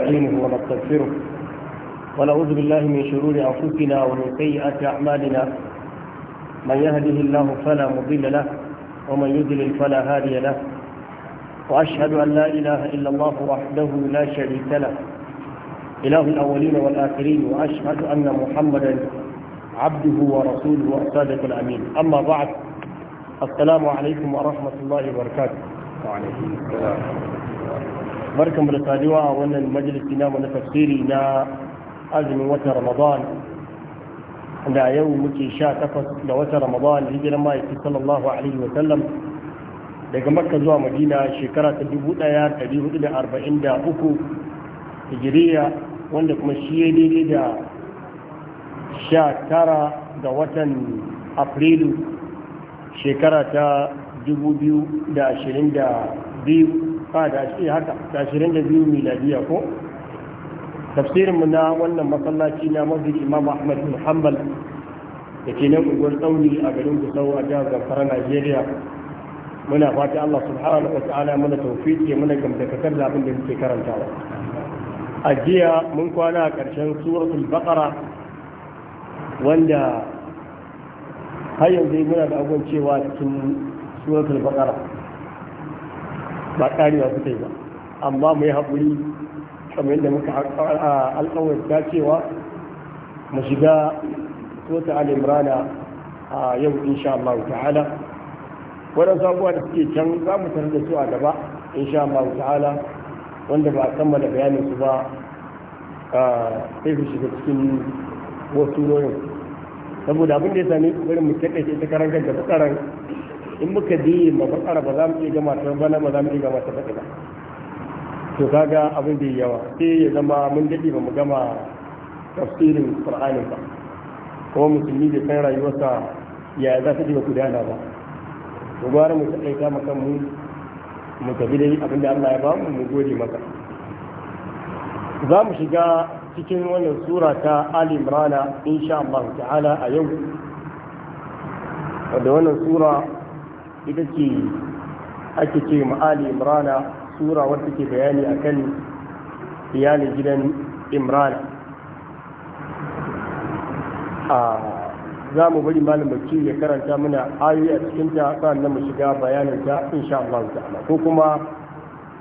نستعينه ونستغفره ونعوذ بالله من شرور أنفسنا ومن سيئات أعمالنا من يهده الله فلا مضل له ومن يضلل فلا هادي له وأشهد أن لا إله إلا الله وحده لا شريك له إله الأولين والآخرين وأشهد أن محمدا عبده ورسوله وأصادق الأمين أما بعد السلام عليكم ورحمة الله وبركاته وعليكم السلام barkan da saduwa a wannan majalisi na na tafsiri na azumin watan ramadan da yau muke sha takwas da watan ramadan hijiran ma'aiki sallallahu alaihi wa sallam daga makka zuwa madina shekara ta dubu daya dari hudu da arba'in da uku hijiriya wanda kuma shi ya daidai da sha tara da watan afrilu shekara ta dubu biyu da ashirin da biyu a da shi haka da 22 miladiya ko tafsirinmu na wannan masallaci na masjid imam ahmad bin da ke nan unguwar tsauni a garin gusau a jihar zamfara najeriya muna fata allah subhanahu wa ta'ala mana tawfiqi muna gamdakatar da abin da muke karantawa a jiya mun kwana a ƙarshen suratul baqara wanda har yanzu muna da abubuwan cewa cikin suratul baqara ba karewa suka yi ba amma mai yi haƙuri kamar yadda muka ta cewa mu shiga sota al'imrana a yau insha Allah ta'ala waɗansu sabuwa da suke can za mu tarar da su a gaba insha Allah ta'ala wanda ba a kammala bayanin su ba sai su shiga cikin wasu noyin saboda abin da ya sami wurin mu kaɗaice ta karanta da da in muka di ma bakara ba za mu iya gama ta bana ba za mu iya gama ta ba to kaga abin da yawa sai ya zama mun dade ba mu gama tafsirin qur'anin ba kuma musulmi da san rayuwarsa ya za ta diga gudana ba to gwara mu ta kaita maka mu mu tafi dai abin da Allah ya ba mu mu gode maka za mu shiga cikin wannan sura ta Ali Imran insha Allah ta'ala a yau da wannan sura ita ce ake ce ma'ali imrana sura wadda ke bayani akan iyalin gidan imrana za mu bari malam bacci ya karanta mana ayoyi a cikin ta sannan mu shiga bayanin ta insha Allah ta'ala ko kuma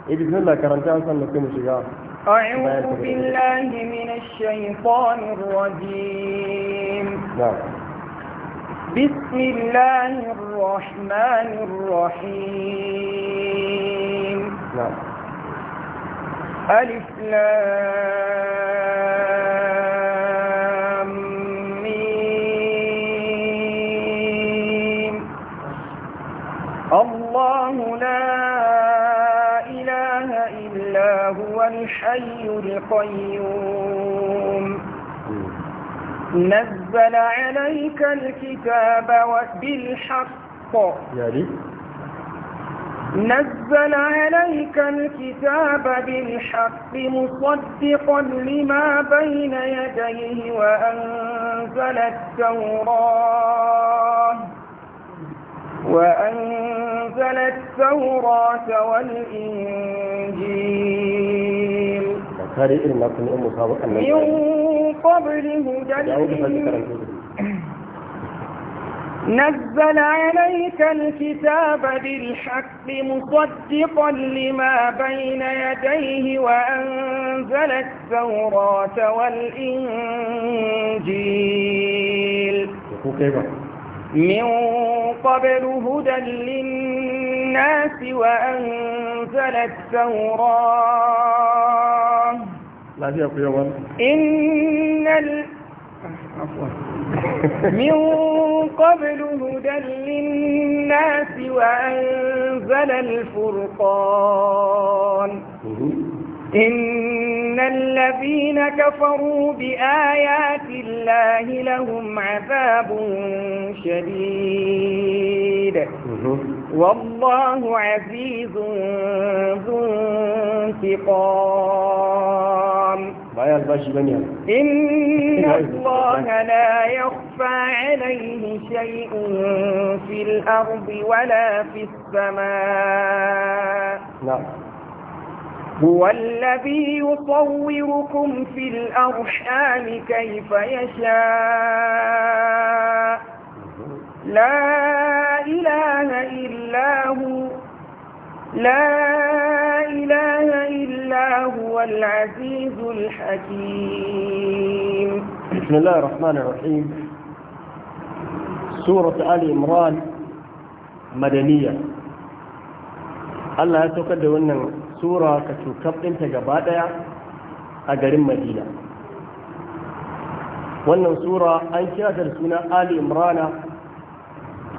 idan zan karanta sannan sai mu shiga أعوذ بالله من الشيطان الرجيم نعم بسم الله الرحمن الرحيم نعم ألف لام ميم الله لا إله إلا هو الحي القيوم نزل عليك الكتاب بالحق يعني نزل عليك الكتاب بالحق مصدقا لما بين يديه وأنزل التوراة وأنزل التوراة والإنجيل kare irin na kuma نزل عليك الكتاب بالحق مصدقا لما بين يديه وأنزل التوراة والإنجيل من قبل هدى للناس وأنزل التوراة lafiya ku إن ال... من قبل هدى للناس وأنزل الفرقان إن الذين كفروا بآيات الله لهم عذاب شديد والله عزيز ذو انتقام إن الله لا يخفى عليه شيء في الأرض ولا في السماء نعم هو الذي يطوركم في الأرحام كيف يشاء لا إله إلا هو لا إله إلا هو العزيز الحكيم بسم الله الرحمن الرحيم سورة آل عمران مدنية الله يتوكد وأنه tura ka cokaf ɗinta gaba ɗaya a garin madina wannan sura an kira da suna ali imrana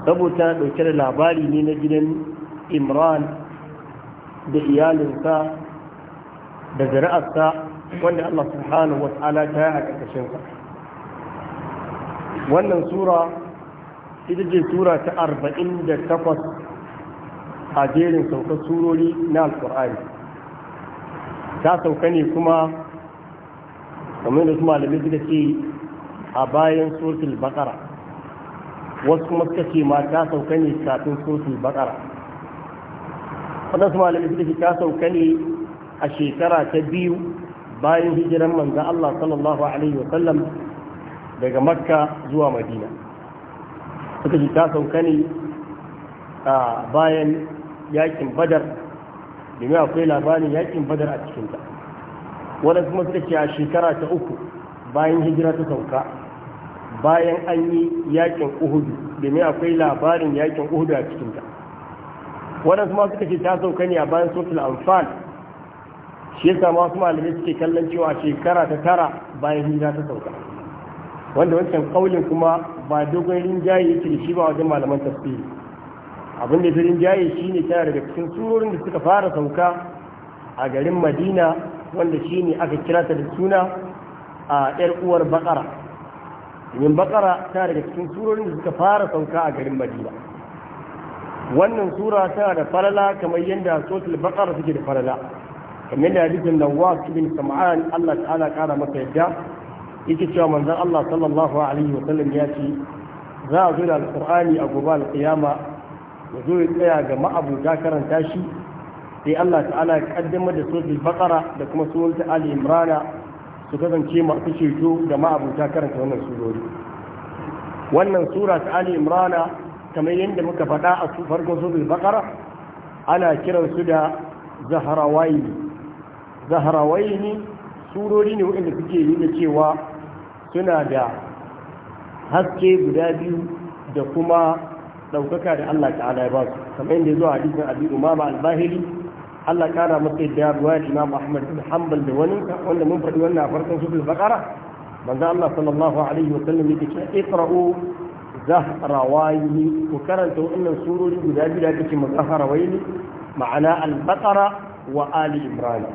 saboda ɗauke da labari ne na gidan imran da iyalinsa da zari'arsa wanda allah subhanahu wa ta'ala ta yi a ƙarƙashinsa wannan sura ita ce sura ta arba'in da takwas a jerin saukar surori na alƙur'ani ta sauka ne kuma kamar da su malamai suka ce a bayan sosul bakara wasu kuma suka ce ma ta sauka ne kafin sosul bakara waɗansu malamai suka ce ta sauka ne a shekara ta biyu bayan hijiran manzan Allah sallallahu alaihi wasallam daga makka zuwa madina suka ce ta sauka ne a bayan yakin badar domin akwai labarin yakin badar a cikinta wadda kuma suka ce a shekara ta uku bayan hijira ta sauka bayan an yi yakin uhudu domin akwai labarin yakin uhudu a cikinta wadda kuma suka ce ta sauka ne a bayan sotul amfani shi yasa ma wasu malamai suke kallon cewa shekara ta tara bayan hijira ta sauka wanda wancan kaulin kuma ba dogon rinjaye yake da shi ba wajen malaman tafsiri abin da firin jaye shine tana daga cikin surorin da suka fara sauka a garin madina wanda shine aka kira ta da suna a yar uwar bakara Yin bakara tana daga cikin surorin da suka fara sauka a garin madina wannan sura tana da falala kamar yadda sotul bakara suke da falala kamar da hadisin nawas ibn sam'an Allah ta'ala kara masa yadda yake cewa manzon Allah sallallahu alaihi wa sallam ya ce za a zo da alqur'ani a gobe alqiyama ya zo ya tsaya ga ma'abuta karanta shi sai Allah ta'ala ya kaddamar da suratul baqara da kuma suratul ali imran su kasance masu ceto da ma'abuta karanta wannan surori wannan sura ta ali imran kamar yadda muka faɗa a farkon suratul baqara ana kiransu da Zahrawayi zaharawaini surori ne wanda suke nuna cewa suna da haske guda biyu da kuma ɗaukaka da Allah ta'ala ya ba su kamar yadda zuwa hadisin abi umama al-bahili Allah kara masa yadda ya ruwa da Imam Ahmad bin Hanbal da wani wanda mun faɗi wannan a farkon sura al-Baqara manzo Allah sallallahu alaihi wa sallam yake cewa iqra'u zahrawaini ku karanta wannan surori guda biyu da take mazahrawaini ma'ana al-Baqara wa Ali Imran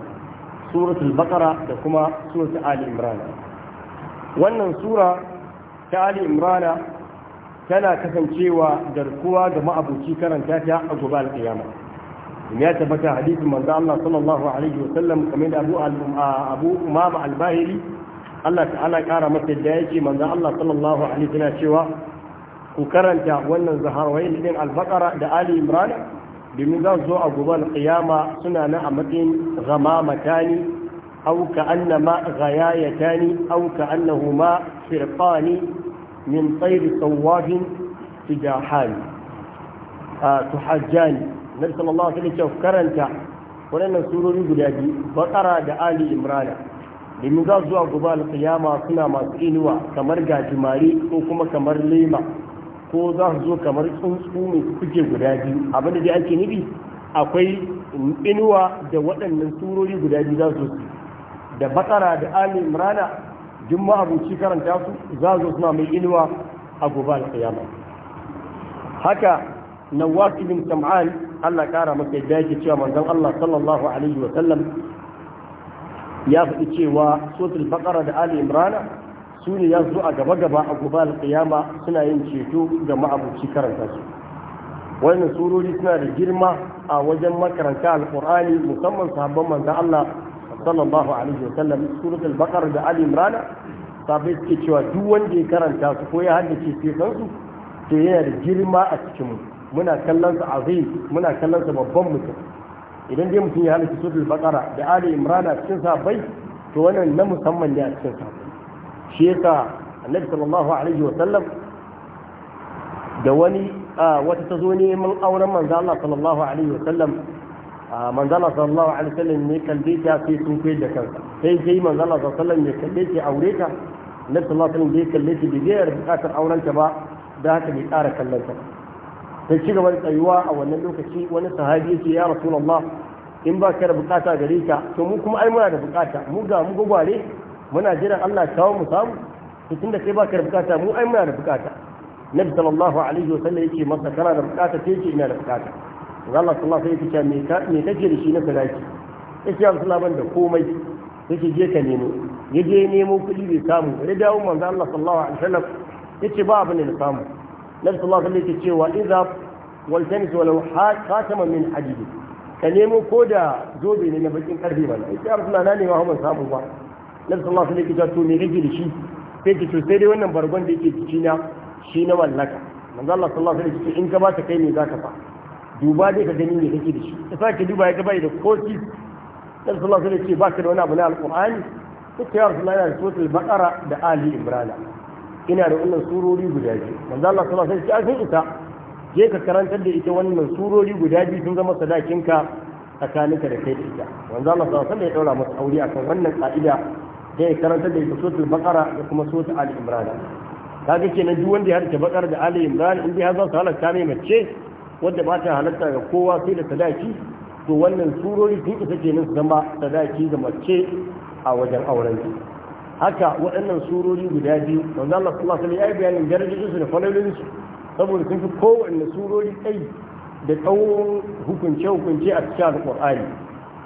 suratul Baqara da kuma suratul Ali Imran wannan sura ta Ali Imran tana kasancewa garkuwa ga ma'abuci karanta ta a gobe alƙiyama ya tabbata hadisin manzo Allah sallallahu alaihi wa sallam kamar da Abu Abu Umama al-Bahili Allah ta'ala kara masa da yake manzo Allah sallallahu alaihi wa sallam cewa ku karanta wannan zaharwayin din al-Baqara da Ali Imran domin za zo a gobe alƙiyama suna nan a matsayin ghamamatani أو كأنما غيايتان أو كأنهما فرقان min tsairi tsawahin tijahani a tuhajjani na sallallahu alaihi wasallam karanta waɗannan surori guda biyu bakara da ali imrana domin za zuwa gobe alƙiyama suna masu inuwa kamar gajimare ko kuma kamar lema ko za su zo kamar tsuntsu mai kuke guda biyu abinda dai ake nufi akwai inuwa da waɗannan surori guda biyu za su da bakara da ali imrana duk ma'abuci karanta su za su suna mai inuwa a gobe alƙiyama haka nawas ibn sam'an Allah kara masa yadda yake cewa manzon Allah sallallahu alaihi wa sallam ya faɗi cewa sotul baqara da ali imrana su ya zo a gaba gaba a gobe alƙiyama suna yin ceto ga ma'abuci karanta su wannan surori suna da girma a wajen makaranta alƙur'ani musamman sahabban manzon Allah sallallahu alaihi wasallam suratul baqara da ali imran sabai suke cewa duk wanda ya karanta su ko ya haddace sai san su to yana da girma a cikin mu muna kallon sa azim muna kallon sa babban mutum idan dai mutum ya haddace suratul baqara da ali imran a cikin sabai to wannan na musamman ne a cikin sabai shi yasa annabi sallallahu alaihi sallam da wani ah, wata ta zo neman auren manzo Allah sallallahu alaihi sallam. manzala sallallahu alaihi wasallam ne kalle ta sai sun kai da kansa sai sai manzala sallallahu alaihi wasallam ya kalle ta aure ta nabi sallallahu alaihi wasallam bai kalle ta bigiyar bukatar auren ta ba da haka bai ƙara kallon ta sai ci gaba da tsayuwa a wannan lokaci wani sahabi ya ce ya rasulullah in ba ka da bukata gare ka to mu kuma ai muna da bukata mu ga mu gwagware muna jiran Allah kawo mu samu to tunda kai ba ka da bukata mu ai muna da bukata nabi sallallahu alaihi wasallam yake masa kana da bukata sai yake ina da bukata Allah sallallahu alaihi wasallam yake cewa me kake da shi na sadaki yake ya Rasulullah ban da komai yake je ka nemo yaje nemo kuɗi bai samu ya dawo manzo Allah sallallahu alaihi wasallam yace ba abin da na samu Nabi sallallahu alaihi wasallam idza khataman min hadid ka nemo ko da zobe ne na bakin karfe ba yake ya Rasulullah na nema ban samu ba Nabi sallallahu alaihi wasallam yake to me kake da shi sai ki to sai dai wannan bargon da yake cikina shi na wallaka manzo Allah sallallahu alaihi wasallam in ka ba ta kai ne zaka fa duba dai ka gani ne kake da shi ya sake duba ya gaba da koki dan sallallahu alaihi ce ka da wani abu na alqur'ani kuka ya rasulullahi yana da suratul baqara da ali Ibrahim ina da wannan surori guda biyu manzo Allah sallallahu alaihi wasallam ya ce ita je ka karantar da ita wannan surori guda biyu sun zama sadakinka tsakaninka da kai da ita manzo Allah sallallahu alaihi wasallam ya daura masa aure akan wannan ka'ida da ya karanta da ita suratul baqara da kuma suratul ali imran kaga kenan duk wanda ya harce baqara da ali imran in dai har za su halaka mai mace wanda ba ta halatta ga kowa sai da sadaki to wannan surori sun isa kenan su zama sadaki ga mace a wajen auren haka waɗannan surori guda biyu wanda Allah sallallahu alaihi wasallam ya yi bayanin darajojin su da falalolin su saboda sun fi kowanne surori tsayi da tsawon hukunce hukunce a cikin Alƙur'ani.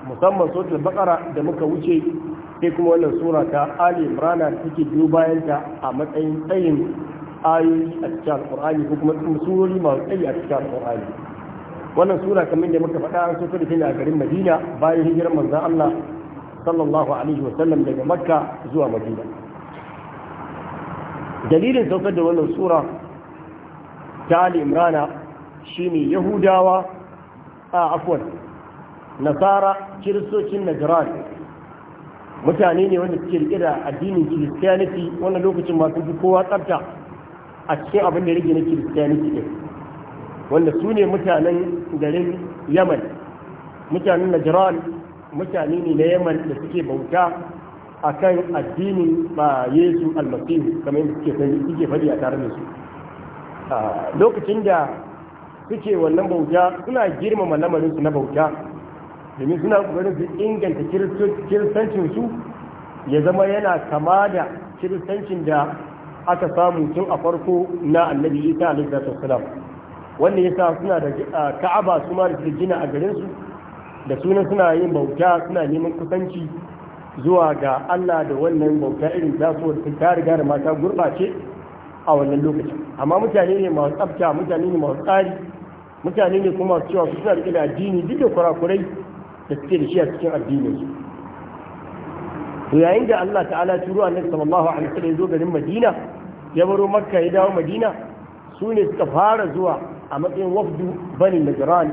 musamman suratul baqara da muka wuce sai kuma wannan sura ta ali imran da take biyo bayanta a matsayin tsayin ayoyi a cikin alƙur'ani ko kuma masu tsayi a cikin alƙur'ani wannan sura kamar da muka faɗa an a garin madina bayan hijirar manzan allah sallallahu alaihi wa sallam daga makka zuwa madina dalilin saukar da wannan sura ta ali imrana shine yahudawa a afwan nasara kiristocin najran mutane ne wanda suke rike da addinin kiristiyaniti wannan lokacin masu fi kowa tsabta a cikin abin da rage na kiristiyaniki ɗin wanda su ne mutanen garin yaman mutanen najiran mutane ne na yaman da suke bauta a kan addinin ba yesu almasihu kamar yadda suke faɗi a tare da su lokacin da suke wannan bauta suna girmama lamarinsu na bauta domin suna ƙoƙarin su inganta kiristancinsu ya zama yana kama da kiristancin da aka samu tun a farko na annabi isa alaihi salam wanda yasa suna da ka'aba su ma da gina a garin su da sunan suna yin bauta suna neman kusanci zuwa ga Allah da wannan bauta irin taso da ta riga da mata gurɓace a wannan lokacin amma mutane ne masu tsafta mutane ne masu tsari mutane ne kuma masu cewa suna da addini duk da kurakurai da suke da shi a cikin addinin su to yayin da Allah ta'ala turo annabi sallallahu alaihi wasallam zo garin Madina ya baro makka ya dawo madina su ne suka fara zuwa a matsayin wafdu bani najran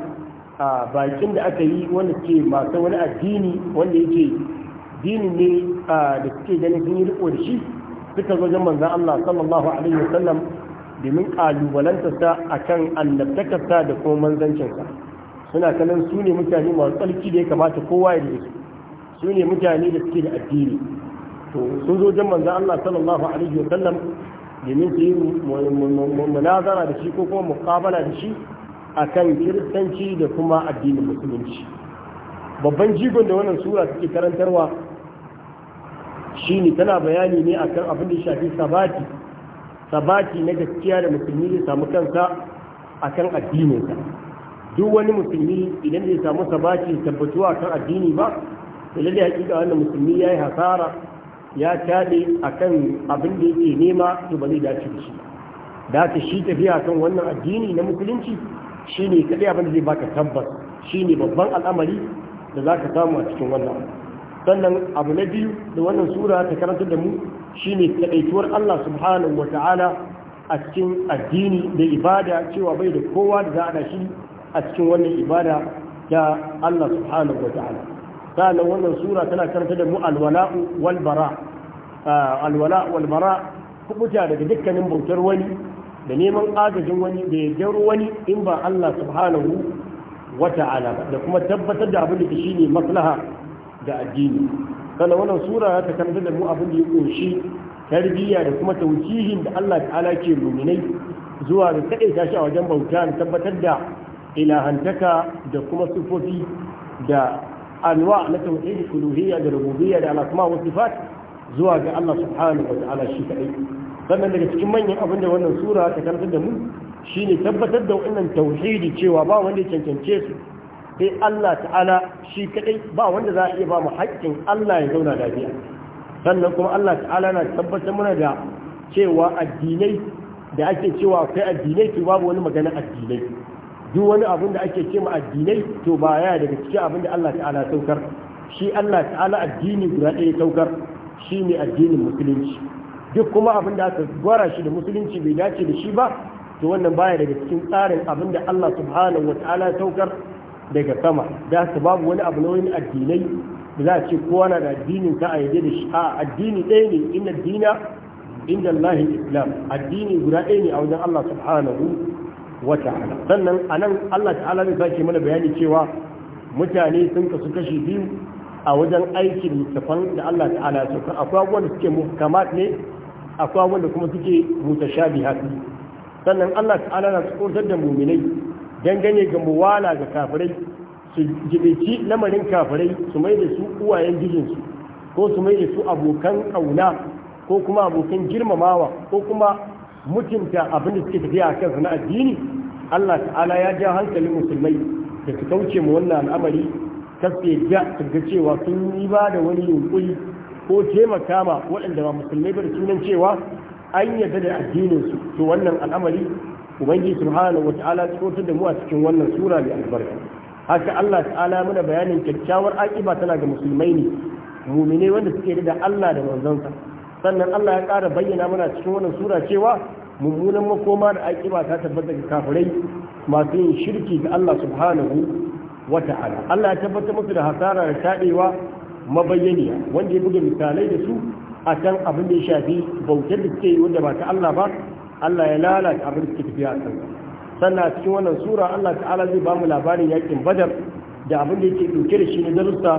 a bakin da aka yi wanda ke masu wani addini wanda yake dini ne da suke ganin sun yi riko da shi suka zo jan manzan Allah sallallahu alaihi wasallam domin kalubalantarsa a kan annabtakarsa da kuma manzancinsa suna kanan su ne mutane masu tsarki da ya kamata kowa ya da su ne mutane da suke da addini to sun zo jan manzan Allah sallallahu alaihi wasallam domin su yi munazara da shi ko kuma mukabala da shi a kan kiristanci da kuma addinin musulunci babban jigon da wannan sura suke karantarwa shi ne tana bayani ne a kan abin da shafi sabati sabati na gaskiya da musulmi zai samu kansa a kan addininsa duk wani musulmi idan zai samu sabati tabbatuwa kan addini ba da lalle hakika wannan musulmi ya yi hasara ya taɗe a kan abin da yake nema to ba zai dace da shi da ta shi tafiya kan wannan addini na musulunci shi ne kaɗai abin da zai baka tabbas shi ne babban al'amari da za ka samu a cikin wannan sannan abu na biyu da wannan sura ta karanta da mu shi ne kaɗaituwar allah subhanahu wa ta'ala a cikin addini da ibada cewa bai da kowa da za a shi a cikin wannan ibada ta allah subhanahu wa ta'ala sannan wannan sura tana karanta da mu alwala'u wal bara alwala wal bara kubuta daga dukkanin bautar wani da neman agajin wani da yardar wani in ba Allah subhanahu wa ta'ala da kuma tabbatar da abin da shi ne maslaha da addini sannan wannan sura ta karanta da mu abin da ya kunshi tarbiyya da kuma taujihin da Allah ta'ala ke muminai zuwa da kadaita shi a wajen bauta tabbatar da ilahantaka da kuma sufofi da anwa na tauhidi kuluhiyya da rububiyya da al wa sifat zuwa ga Allah subhanahu wa ta'ala shi kadai sannan daga cikin manyan abin da wannan sura ta karantar da mu shine tabbatar da wannan tauhidi cewa ba wanda ya cancance su sai Allah ta'ala shi kadai ba wanda za a iya ba mu haƙƙin Allah ya zauna lafiya sannan kuma Allah ta'ala na tabbatar mana da cewa addinai da ake cewa akwai addinai to babu wani magana addinai duk wani abin da ake ce ma addinai to ba ya daga cikin abin da Allah ta'ala saukar shi Allah ta'ala addini guda ɗaya saukar shi ne addinin musulunci duk kuma abin da aka gwara shi da musulunci bai dace da shi ba to wannan baya daga cikin tsarin abin da Allah subhanahu wa ta'ala saukar daga sama da su babu wani abu na wani addinai da za a ce kowa na da addinin ka a yadda da shi a addini ɗaya ne inna dina inda Allah islam addini guda ɗaya ne a wajen Allah subhanahu wa ta'ala sannan anan Allah ta'ala zai sake mana bayani cewa mutane sun kasu kashi biyu a wajen aikin littafan da Allah ta'ala ya sauka akwai wanda suke muhkamat ne akwai wanda kuma suke mutashabihat sannan Allah ta'ala na tsoratar da muminai dangane ga muwala ga kafirai su jibici lamarin kafirai su mai da su uwayen gijinsu ko su mai da su abokan kauna ko kuma abokan girmamawa ko kuma mutunta abin da suke tafiya a kansu na addini Allah ta'ala ya ja hankalin musulmai da su kauce mu wannan al'amari kaske ja ga cewa sun yi ba da wani yunkuri ko taimaka ma waɗanda ba musulmai ba sunan cewa an yadda da addinin to wannan al'amari ubangiji subhanahu wata'ala tsotar da mu a cikin wannan sura mai albarka haka Allah ta'ala muna bayanin kyakkyawar akiba tana ga musulmai ne mumine wanda suke da Allah da manzansa sannan Allah ya ƙara bayyana mana cikin wannan sura cewa mummunan makoma da ba ta tabbatar ga kafirai masu yin shirki ga Allah subhanahu wa ta'ala Allah ya tabbatar musu da hasara da taɗewa mabayyaniya wanda ya buga misalai da su a kan abin da ya shafi bautar da suke yi wanda ba ta Allah ba Allah ya lalata abin da suke tafiya a kan sannan cikin wannan sura Allah ta'ala zai ba mu labarin yakin badar da abin da yake ɗauke da shi na darussa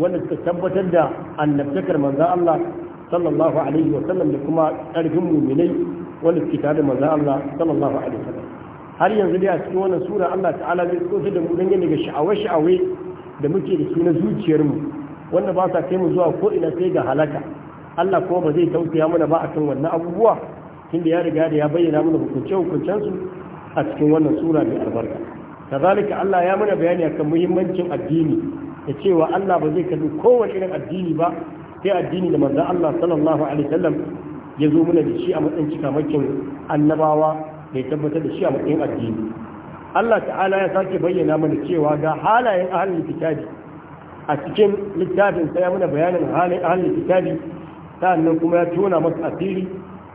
wanda suka tabbatar da annabtakar manzan Allah sallallahu alaihi wa sallam da kuma ƙarfin muminai wanda suke tare da maza Allah sallallahu alaihi wa sallam har yanzu dai a cikin wannan sura Allah ta'ala zai tsoci da mu dangane ga shaawai sha'awai da muke da su na mu wanda ba sa kai mu zuwa ko ina sai ga halaka Allah kuma ba zai tausaya mana ba kan wannan abubuwa tunda ya riga da ya bayyana mana hukunce-hukuncen su a cikin wannan sura mai albarka kazalika Allah ya mana bayani akan muhimmancin addini da cewa Allah ba zai kalli kowace irin addini ba sai addini da manzon Allah sallallahu alaihi wasallam ya zo mana da shi a matsayin cikamakin annabawa da ya tabbatar da shi a matsayin addini Allah ta'ala ya sake bayyana mana cewa ga halayen ahlul kitabi a cikin littafin ya mana bayanin halin ahlul kitabi sannan kuma ya tona masa asiri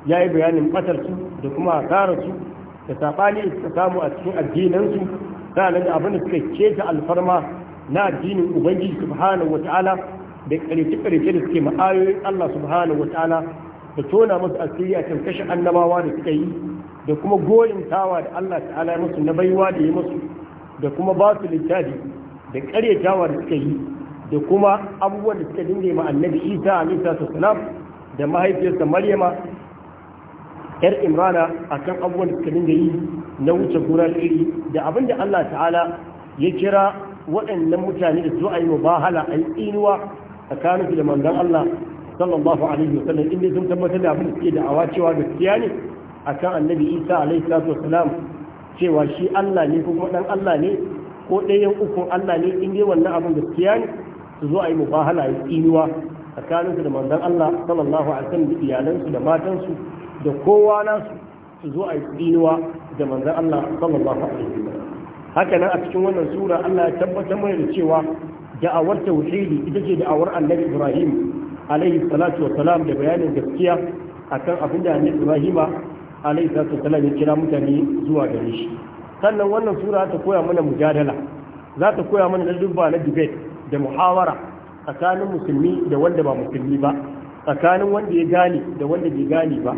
ya yi bayanin batarsu da kuma su, da sabani suka samu a cikin addinansu sannan da abin da suka keta alfarma na addinin ubangiji subhanahu wa ta'ala da ƙarfi-ƙarfi da suke ma'ayoyin Allah subhanahu wa ta'ala da tona musu asiri a kan kashe annabawa da suka yi da kuma goyin tawa da Allah ta'ala ya musu na baiwa da ya musu da kuma ba su littafi da ƙaryatawa da suka yi da kuma abubuwan da suka dinga ma annabi Isa alaihi salam da mahaifiyarsa Maryama yar Imrana akan abubuwan da suka dinga yi na wuce gura iri da abin da Allah ta'ala ya kira waɗannan mutane da su a yi mubahala a yi tsinuwa tsakanin da manzon Allah sallallahu alaihi wasallam inda sun tabbatar da abin da suke da'awa cewa gaskiya ne akan annabi Isa alaihi salatu wasalam cewa shi Allah ne ko kuma dan Allah ne ko ɗayan ukun Allah ne in dai wannan abin gaskiya ne su zo a yi mubahala ya tsiniwa. tsakaninsu da manzon Allah sallallahu alaihi wasallam da iyalansu da matansu da kowa nasu su zo a yi tsiniwa da manzon Allah sallallahu alaihi wasallam haka nan a cikin wannan sura Allah ya tabbatar mana da cewa da'awar tauhidi ita ce da'awar annabi ibrahim alaihi salatu wa salam da bayanin gaskiya akan abin da annabi ibrahim alaihi salatu wa salam ya kira mutane zuwa gare shi sannan wannan sura ta koya mana mujadala za ta koya mana ladubba na debate da muhawara tsakanin musulmi da wanda ba musulmi ba tsakanin wanda ya gane da wanda bai gane ba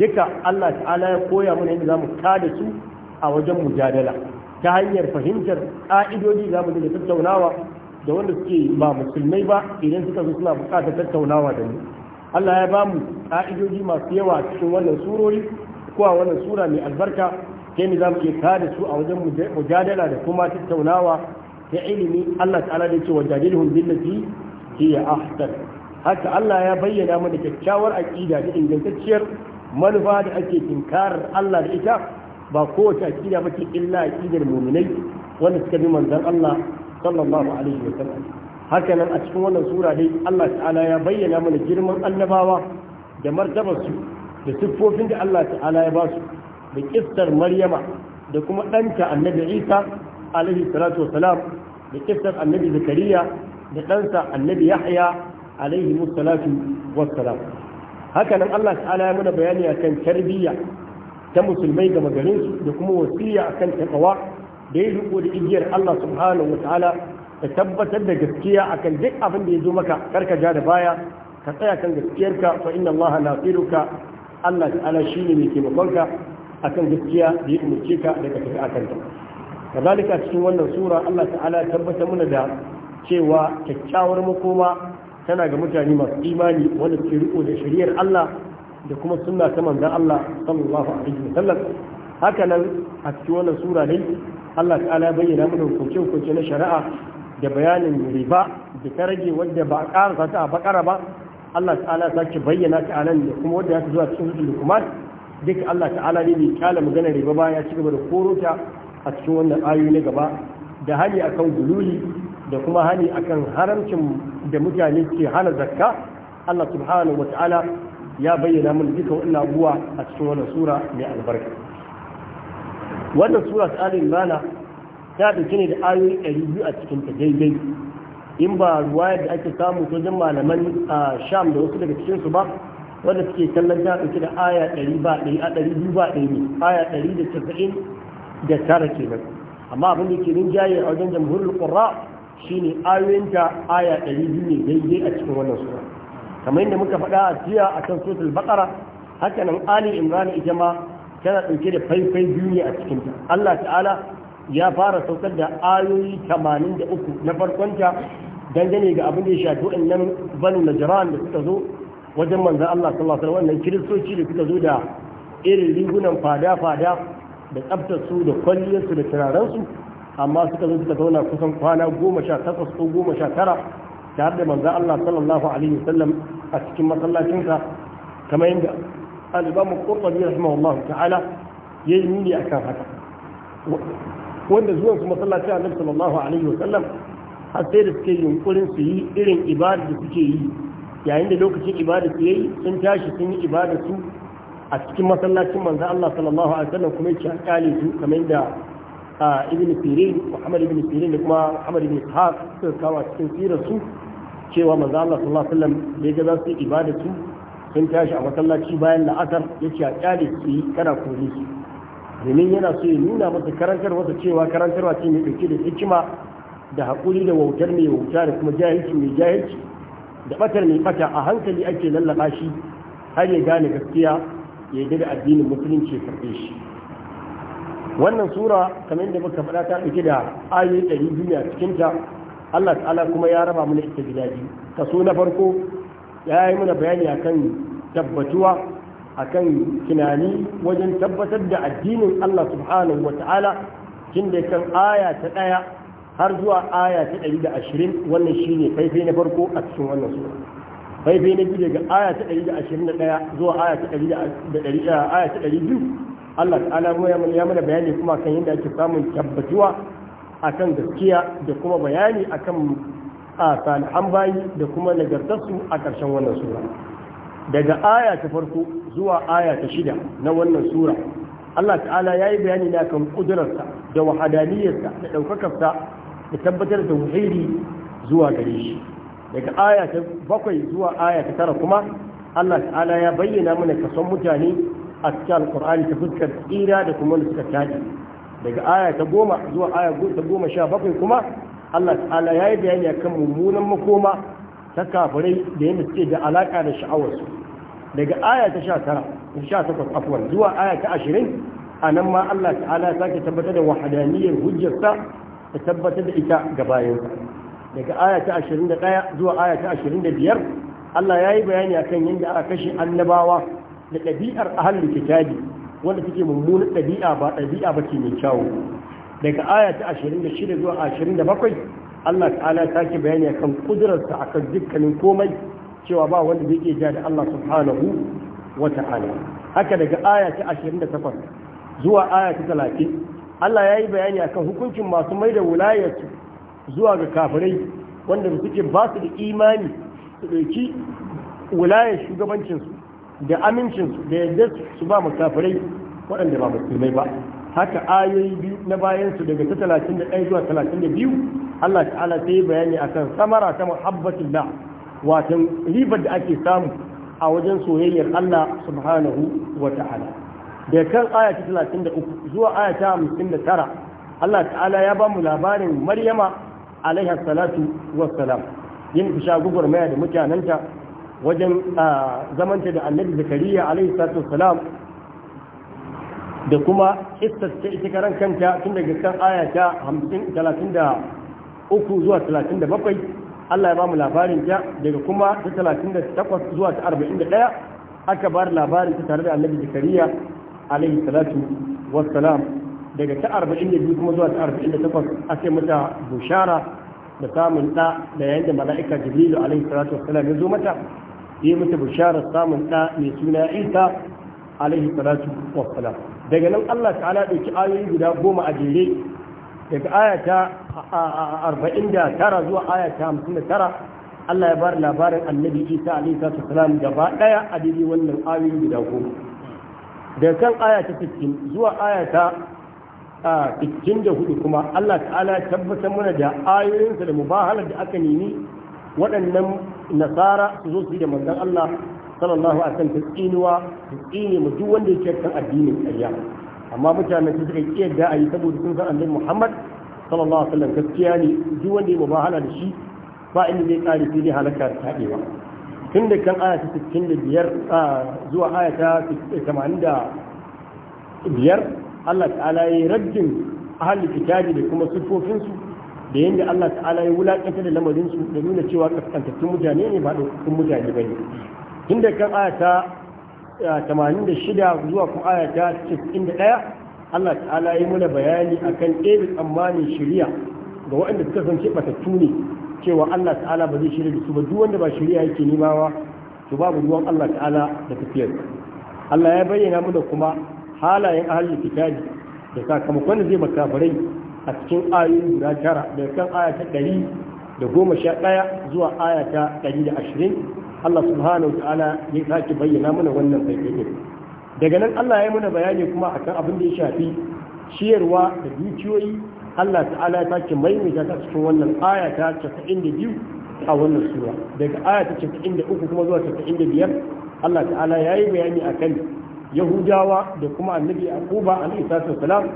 duka Allah ta'ala ya koya mana yadda zamu kada su a wajen mujadala ta hanyar fahimtar ƙa'idodi zamu da tattaunawa da wanda suke ba musulmai ba idan suka zo suna bukatar tattaunawa da mu Allah ya bamu ka'idoji masu yawa cikin wannan surori ko a wannan sura mai albarka sai mu zamu iya kada su a wajen mujadala da kuma tattaunawa ta ilimi Allah ta'ala da ce wajadilhum billati hiya ahsan haka Allah ya bayyana mana kyakkyawar aqida da ingantacciyar manufa da ake tinkarar Allah da ita ba kowace aqida bace illa aqidar mu'minai wanda suka bi manzon Allah sallallahu alaihi wa sallam haka nan a cikin wannan sura dai Allah ta'ala ya bayyana mana girman annabawa da martabarsu da siffofin da Allah ta'ala ya ba su da kissar Maryama da kuma ɗanta annabi Isa alaihi salatu salam da kissar annabi Zakariya da ɗansa annabi Yahya alaihi musallatu wassalam haka nan Allah ta'ala ya mana bayani akan tarbiyya ta musulmai ga su da kuma wasiya akan takawa da ya riko da igiyar Allah subhanahu wa ta'ala ka tabbatar da gaskiya akan duk abin da ya zo maka karka ja da baya ka tsaya kan gaskiyarka fa inna Allah nafiruka Allah ta'ala shine mai taimakonka akan gaskiya da ya umarce ka da ka tafi akan ta kazalika cikin wannan sura Allah ta'ala ya tabbata mana da cewa kyakkyawar makoma tana ga mutane masu imani wanda ke riko da shari'ar Allah da kuma sunna ta manzon Allah sallallahu alaihi wasallam haka nan a cikin wannan sura ne Allah ta'ala ya bayyana mana hukunce-hukunce na shari'a da bayanin riba da ta rage wadda ba a ƙara ta a bakara ba Allah ta'ala ya ke bayyana ta anan da kuma wadda ya ta zuwa cikin zuwa kuma duk Allah ta'ala ne mai kyala magana riba ba ya ci gaba da korota a cikin wannan ayoyi na gaba da hali akan gululi da kuma hali akan haramcin da mutane ke hana zakka Allah subhanahu wa ta'ala ya bayyana mana duka wannan abubuwa a cikin wannan sura mai albarka wannan sura ta ali imrana ta dauke ne da ayoyi biyu a cikin ta daidai in ba ruwayar da ake samu wajen malaman sham da wasu daga cikinsu ba wanda suke kallon ta dauke da aya ɗari ba 100 a 200 ba 100 ne aya ɗari da da tara kenan amma abin da ke rinjaye a wajen jamhurul qurra shine ta aya ɗari biyu ne daidai a cikin wannan sura kamar yadda muka faɗa a jiya akan suratul baqara haka nan ali imran ita ma tana ɗauke da faifai biyu ne a cikinta Allah ta'ala ya fara saukar da ayoyi 83 na farkonta dangane ga abin da ya shafi wannan banu najran da suka zo wajen manzan Allah sallallahu alaihi wasallam kiristoci da suka zo da irin rigunan fada-fada da su da kwalliyarsu da turaren amma suka zo suka zauna kusan kwana goma sha ko goma sha tara tare da manzan Allah sallallahu alaihi wasallam a cikin masallacinsa kamar yadda al-imam qurtubi Allah ta'ala ya yayi nuni kan haka wanda zuwan su masallaci annabi sallallahu alaihi wa sallam har sai da suke yunƙurin su yi irin ibada da suke yi yayin da lokacin ibada su yayi sun tashi sun yi ibada su a cikin masallacin manzo Allah sallallahu alaihi wa sallam kuma yake hakali su kamar da ibn sirin muhammad ibn sirin da kuma muhammad ibn ishaq suka kawo cikin sirar su cewa manzo Allah sallallahu alaihi wa sallam da ya ga za su yi ibada su sun tashi a masallaci bayan la'asar ya ce a kyale su yi kana kore su domin yana so ya nuna masa karantar wasa cewa karantarwa ce mai ɗauke da hikima da haƙuri da wautar mai wauta da kuma jahilci mai jahilci da ɓatar mai ɓata a hankali ake lallaka shi har ya gane gaskiya ya yi da addinin musulunci ya karɓe shi wannan sura kamar yadda muka faɗa ta ɗauke da ayoyi ɗari biyu a cikinta Allah ta'ala kuma ya raba mana ita gida biyu kaso na farko ya yi mana bayani akan tabbatuwa akan tunani wajen tabbatar da addinin Allah subhanahu wa ta'ala tun da kan aya ta ɗaya har zuwa aya ta ɗari da ashirin wannan shi ne faifai na farko a cikin wannan su. faifai na biyu daga aya ta ɗari da ashirin da ɗaya zuwa aya ta ɗari biyu Allah ta'ala ya mana bayani kuma kan yadda ake samun tabbatuwa akan gaskiya da kuma bayani akan a salihan bayi da kuma nagartarsu a ƙarshen wannan sura daga aya ta farko zuwa aya ta shida na wannan sura Allah ta'ala ya yi bayani na kan ƙudurarsa da wahadaniyarsa da ɗaukakarsa da tabbatar da wuhiri zuwa gare shi daga aya ta bakwai zuwa aya ta tara kuma Allah ta'ala ya bayyana mana kason mutane a cikin alƙur'ani ta fuskar tsira da kuma suka taɗi daga aya ta goma zuwa aya ta goma sha bakwai kuma Allah ta'ala ya yi bayani akan mummunan makoma ta kafirai da yadda suke da alaka da sha'awarsu daga aya ta sha tara afwan zuwa aya ta ashirin a nan ma Allah ta'ala ya sake tabbatar da wahadaniyar hujjarsa ta tabbatar da ita ga bayan daga aya ta da ɗaya zuwa aya ta da biyar Allah ya yi bayani akan yadda aka kashe annabawa da ɗabi'ar ahalin kitabi wanda take mummunar ɗabi'a ba ɗabi'a ba ce mai kyawu daga ayata 26 zuwa 27 Allah ta'ala ta ke bayani akan kudurarsa akan dukkanin komai cewa ba wanda zai iya ja da Allah subhanahu wa ta'ala haka daga ayata 28 zuwa ayata 30 Allah ya yi bayani akan hukuncin masu mai da wulayarsu zuwa ga kafirai wanda ke ba su da imani su ɗauki wulayar shugabancinsu da amincinsu da yadda su ba mu kafirai waɗanda ba musulmai ba haka ayoyi biyu na bayan su daga ta talatin da ɗaya zuwa talatin da biyu Allah ta'ala ta yi bayani akan samara ta muhabbatin da watan ribar da ake samu a wajen soyayyar Allah subhanahu wa ta'ala da kan aya ta talatin da uku zuwa aya ta hamsin da tara Allah ta'ala ya ba mu labarin Maryama alaiha salatu wa salam. yin fisha maya da mutanenta wajen ah, zamanta da annabi zakariya alaihi salatu wa salam. da kuma istatta ita karan kanta tun daga kan aya ta 33 zuwa 37 Allah ya ba mu labarin ta daga kuma ta 38 zuwa ta 41 aka bar labarin ta tare da Annabi Zakariya alaihi salatu wassalam daga ta 42 kuma zuwa ta 48 ake mata bushara da samun ta da yayin da mala'ika Jibril alaihi salatu wassalam ya zo mata yi mata bushara samun ta mai suna isa alaihi salatu wassalam daga nan Allah ta'ala ɗauki ayoyi guda goma a jere daga ayata arba'in da tara zuwa ayata hamsin da tara Allah ya bada labarin annabi Isa alaihi salatu wasalam gaba ɗaya a daidai wannan ayoyi guda goma daga kan ayata sittin zuwa ayata sittin da hudu kuma Allah ta'ala tabbatar mana da ayoyinsa da mubahalar da aka nemi waɗannan nasara su zo su yi da manzon Allah sallallahu alaihi wasallam ta tsinuwa ta tsine mu duk wanda yake kan addinin ƙarya amma mutane su suka iya da ayi saboda sun san annabi Muhammad sallallahu alaihi wasallam gaskiya ne duk wanda ya mubahala da shi ba inda zai kare sai dai halaka da tabewa tun da kan aya ta 65 zuwa aya ta 85 Allah ta'ala ya yi raddin ahalin kitabi da kuma siffofinsu da yadda Allah ta'ala ya wulaƙanta da lamarinsu da nuna cewa kaskantattun mutane ne ba ɗaukakkun mutane ba ne tun da kan ayata 86 zuwa kuma ayata ɗaya, Allah ta'ala yi muna bayani akan ɗebe tsammanin shirya ga waɗanda suka kasance batattu ne cewa Allah ta'ala ba zai shirya da su ba duk wanda ba shirya yake nemawa to babu ruwan Allah ta'ala da tafiyar Allah ya bayyana mana kuma halayen ahalin kitabi da sakamakon da zai makafarai a cikin ayoyin guda tara daga kan aya ta ɗari da goma sha ɗaya zuwa aya ta ɗari da ashirin Allah subhanahu wa ta'ala ya sake bayyana mana wannan faifaitin daga nan Allah ya yi mana bayani kuma akan abin da ya shafi ciyarwa da dukiyoyi Allah ta'ala ya sake maimaita ta cikin wannan aya ta 92 a wannan sura daga aya ta 93 kuma zuwa 95 Allah ta'ala ya yi bayani akan Yahudawa da kuma annabi Akuba alaihi salam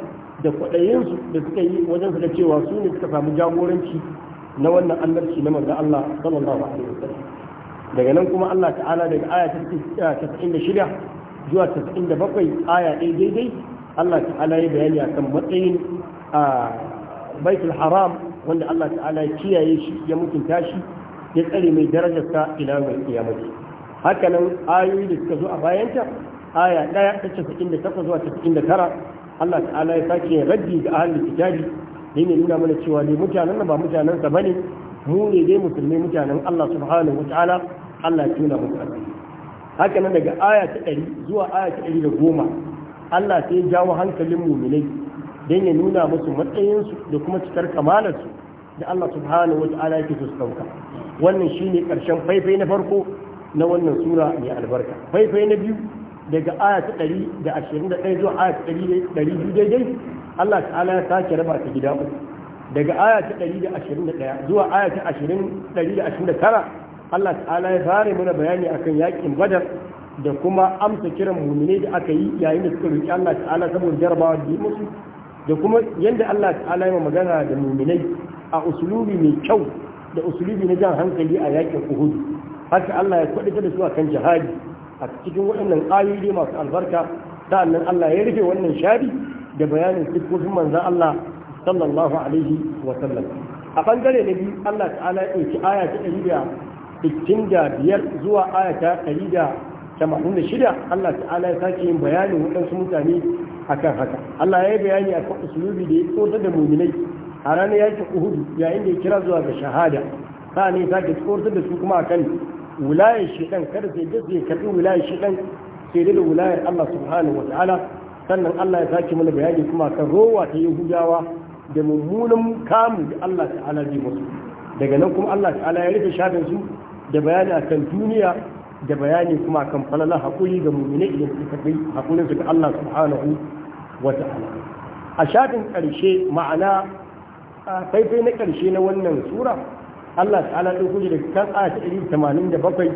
da kwaɗayinsu da suka yi wajen su da cewa su ne suka samu jagoranci na wannan annabci na manzo Allah sallallahu alaihi wasallam daga nan kuma Allah ta'ala daga aya ta da 96 zuwa tafi da bakwai, aya ɗaya daidai Allah ta'ala ya bayani akan matsayin a baitul haram wanda Allah ta'ala ya kiyaye shi ya mutunta shi ya tsare mai darajarsa ila mai kiyamati haka nan ayoyi da suka zo a bayanta aya ɗaya ta da 98 zuwa tara. Allah ta'ala ya sake raddi ga ahlul kitabi ne nuna mana cewa ne mutanen ba mutanen sa bane mu ne dai musulmai mutanen Allah subhanahu ta'ala. Allah tuna musu asiri haka nan daga aya ta ɗari zuwa aya ta ɗari da goma Allah sai jawo hankalin muminai don ya nuna musu matsayinsu da kuma cikar kamalarsu da Allah subhanahu wa ta'ala yake su sauka. wannan shine ƙarshen faifai na farko na wannan sura mai albarka faifai na biyu daga aya ta ɗari da ashirin da ɗaya zuwa aya ta ɗari biyu daidai Allah ta'ala ya sake raba ta gida uku daga aya ta ɗari da ashirin da ɗaya zuwa aya ta ashirin ɗari da ashirin da tara Allah ta'ala ya fara mana bayani akan yakin badar da kuma amsa kiran mumine da aka yi yayin da suka roki Allah ta'ala saboda jarabawa da yi musu da kuma yadda Allah ta'ala ya magana da muminai a usulubi mai kyau da usulubi na jan hankali a yakin Uhud haka Allah ya kwadata da su akan jihadi a cikin waɗannan ayoyi masu albarka sa'annan Allah ya rufe wannan shari da bayanin siffofin manzon Allah sallallahu alaihi wa sallam a bangare na biyu Allah ta'ala ya ɗauki aya ta ɗari 65 zuwa ayata 186 Allah ta'ala ya sake yin bayanin waɗansu mutane akan haka Allah ya yi bayani a kan usulubi da ya tsotar da muminai a ranar yaki uhudu yayin da ya kira zuwa ga shahada sa'an ya sake tsotar da su kuma akan wilayar shiɗan kada sai da sai karɓi wilayar shiɗan sai da wilayar Allah subhanahu wa ta'ala sannan Allah ya sake mana bayani kuma kan rowa ta Yahudawa da mummunan kamun da Allah ta'ala zai musu daga nan kuma Allah ta'ala ya rufe shafin su da bayani a kan duniya da bayani kuma kan falalar haƙuri ga mummune idan suka kai haƙurinsu ga Allah subhanahu wa ta'ala a shafin ƙarshe ma'ana faifai na ƙarshe na wannan sura Allah ta'ala ɗin kuje da kan aya ta ɗari tamanin da bakwai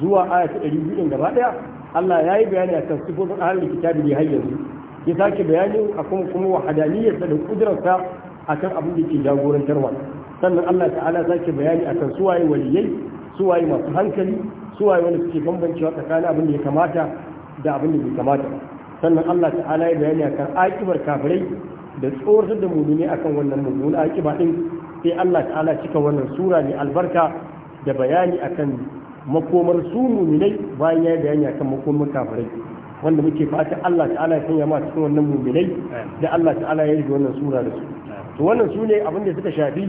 zuwa aya ta ɗari biyu gaba ɗaya Allah ya yi bayani a akan sifofin ahalin kitabi da har yanzu ya sake bayani akan kuma wahadaniyarsa da kudurarsa akan abin da ke jagorantarwa sannan Allah ta'ala sake bayani a akan suwaye waliyai su waye masu hankali su waye wanda suke bambancewa tsakanin abin da ya kamata da abin da bai kamata sannan Allah ta'ala ya bayani akan akibar kafirai da tsoratar da mumini akan wannan mummunan akiba din sai Allah ta'ala cika wannan sura ne albarka da bayani akan makomar su muminai bayan ya bayani akan makomar kafirai wanda muke fata Allah ta'ala ya sanya masu cikin wannan muminai da Allah ta'ala ya rige wannan sura da su to wannan su ne abin da suka shafi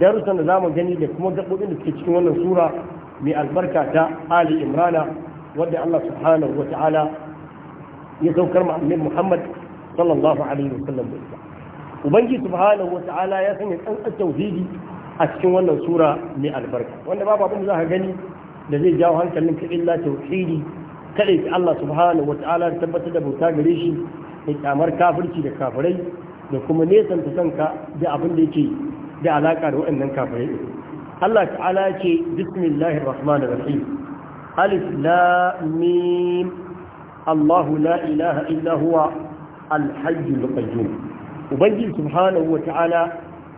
darussan da za mu gani da kuma gaɓoɓin da suke cikin wannan sura mai albarka ta ali imrana wadda allah subhanahu wa ta'ala ya saukar ma annabi muhammad sallallahu alaihi wa sallam da ita ubangi subhanahu wa ta'ala ya sanya tsantsan tauhidi a cikin wannan sura mai albarka wanda babu abin da za ka gani da zai jawo hankalin ka illa tauhidi kada ki Allah subhanahu wa ta'ala ya tabbatar da bauta gare shi da kyamar kafirci da kafirai da kuma nesan ta kanka da abin da yake da alaƙa da waɗannan kafirai Allah ta'ala ce bismillahir rahmanir rahim alif lam mim Allah la ilaha illa huwa al-hayyul qayyum ubangiji subhanahu wa ta'ala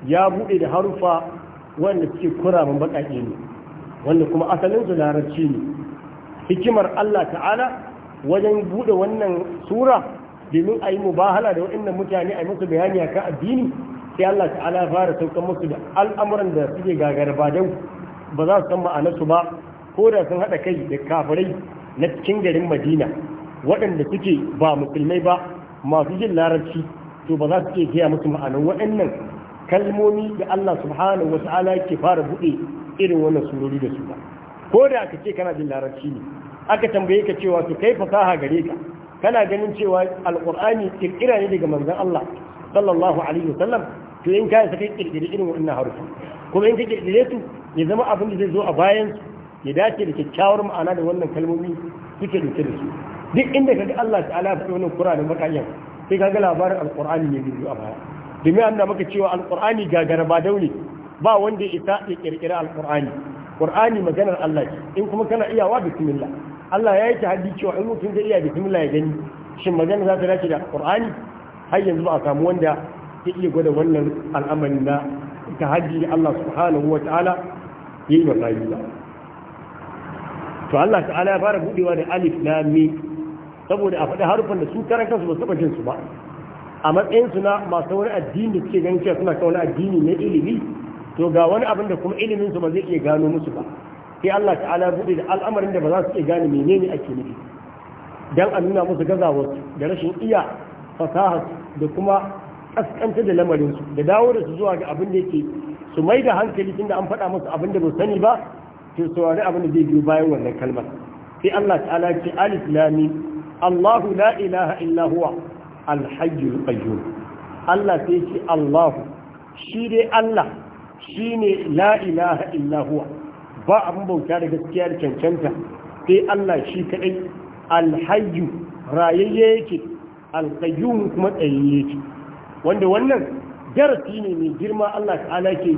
ya bude da harufa wanda suke kuramin bakake ne wanda kuma asalin su larabci ne hikimar Allah ta'ala wajen bude wannan sura domin a yi mubahala da waɗannan mutane a yi musu bayani akan addini sai Allah ta'ala fara saukan musu da al'amuran da suke gagar ba dau ba za su san ma'anarsu ba ko da sun haɗa kai da kafirai na cikin garin Madina waɗanda suke ba musulmai ba masu jin larabci to ba za su ke gaya musu ma'anar waɗannan kalmomi da Allah subhanahu wa ta'ala yake fara buɗe irin wannan surori da su ba ko da aka ce kana jin larabci ne aka tambaye ka cewa to kai fasaha gare ka kana ganin cewa alqur'ani kirkira ne daga manzon Allah sallallahu alaihi wasallam to in ka isa kai kirkiri irin wannan harufa kuma in ka kirkire su ya zama abin da zai zo a bayan ya dace da kyakkyawar ma'ana da wannan kalmomi suke dauke da su duk inda ka ga Allah ta'ala ya faɗi wannan Qur'ani makayan sai kaga labarin alqur'ani ne biyu a baya domin an maka cewa alqur'ani gagara ba daune ba wanda ya isa ya kirkira alqur'ani qur'ani maganar Allah ce in kuma kana iyawa bismillah Allah ya yi haddi cewa in mutum zai iya bismillah ya gani shin magana za ta dace da alqur'ani har yanzu ba a samu wanda ya iya gwada wannan al'amari na ta hajji Allah subhanahu wa ta'ala ya yi wa rayuwa to Allah ta'ala ya fara budewa da alif na mi saboda a faɗi harufan da su karan kansu ba su taɓa jin su ba a matsayin su na masu wani addini da suke ganin cewa suna wani addini na ilimi to ga wani abin da kuma ilimin su ba zai iya gano musu ba sai Allah ta'ala buɗe da al'amarin da ba za su iya gane menene ake nufi dan a nuna musu gazawarsu da rashin iya fasahar da kuma askantar da lamarin su da dawo da su zuwa ga abin da yake su mai da hankali tunda an faɗa musu abin da ba sani ba to saurari abin da zai biyo bayan wannan kalmar sai Allah ta'ala ce alif lami Allahu la ilaha illa huwa al-hayyul qayyum Allah sai ce Allah shi dai Allah shine la ilaha illa huwa ba abin bauta da gaskiya da cancanta sai Allah shi kadai al-hayyu rayayye yake al-qayyum kuma tsayayye yake wanda wannan darasi ne mai girma Allah ta'ala ke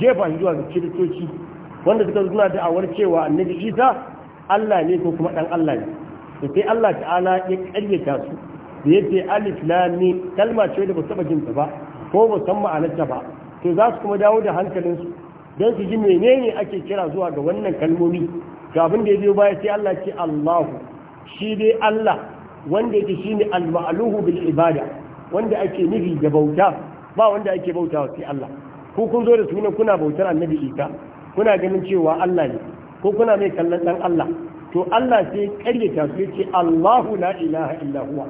jefa zuwa ga kiristoci wanda suka zuna da'awar cewa annabi isa Allah ne ko kuma dan Allah ne Da sai Allah ta'ala ya karyata su da yace alif lam mim kalma ce da ba taba jin ta ba ko ba san ma'anarta ba to za su kuma dawo da su don su ji menene ake kira zuwa ga wannan kalmomi ga abin da ya biyo baya sai Allah ce Allahu shi dai Allah wanda yake shine al-ma'luhu bil ibada wanda ake nufi da bauta ba wanda ake bautawa sai Allah ko kun zo da sunan kuna bautar annabi Isa kuna ganin cewa Allah ne ko kuna mai kallon dan Allah to Allah sai karyata su yace Allahu la ilaha illa huwa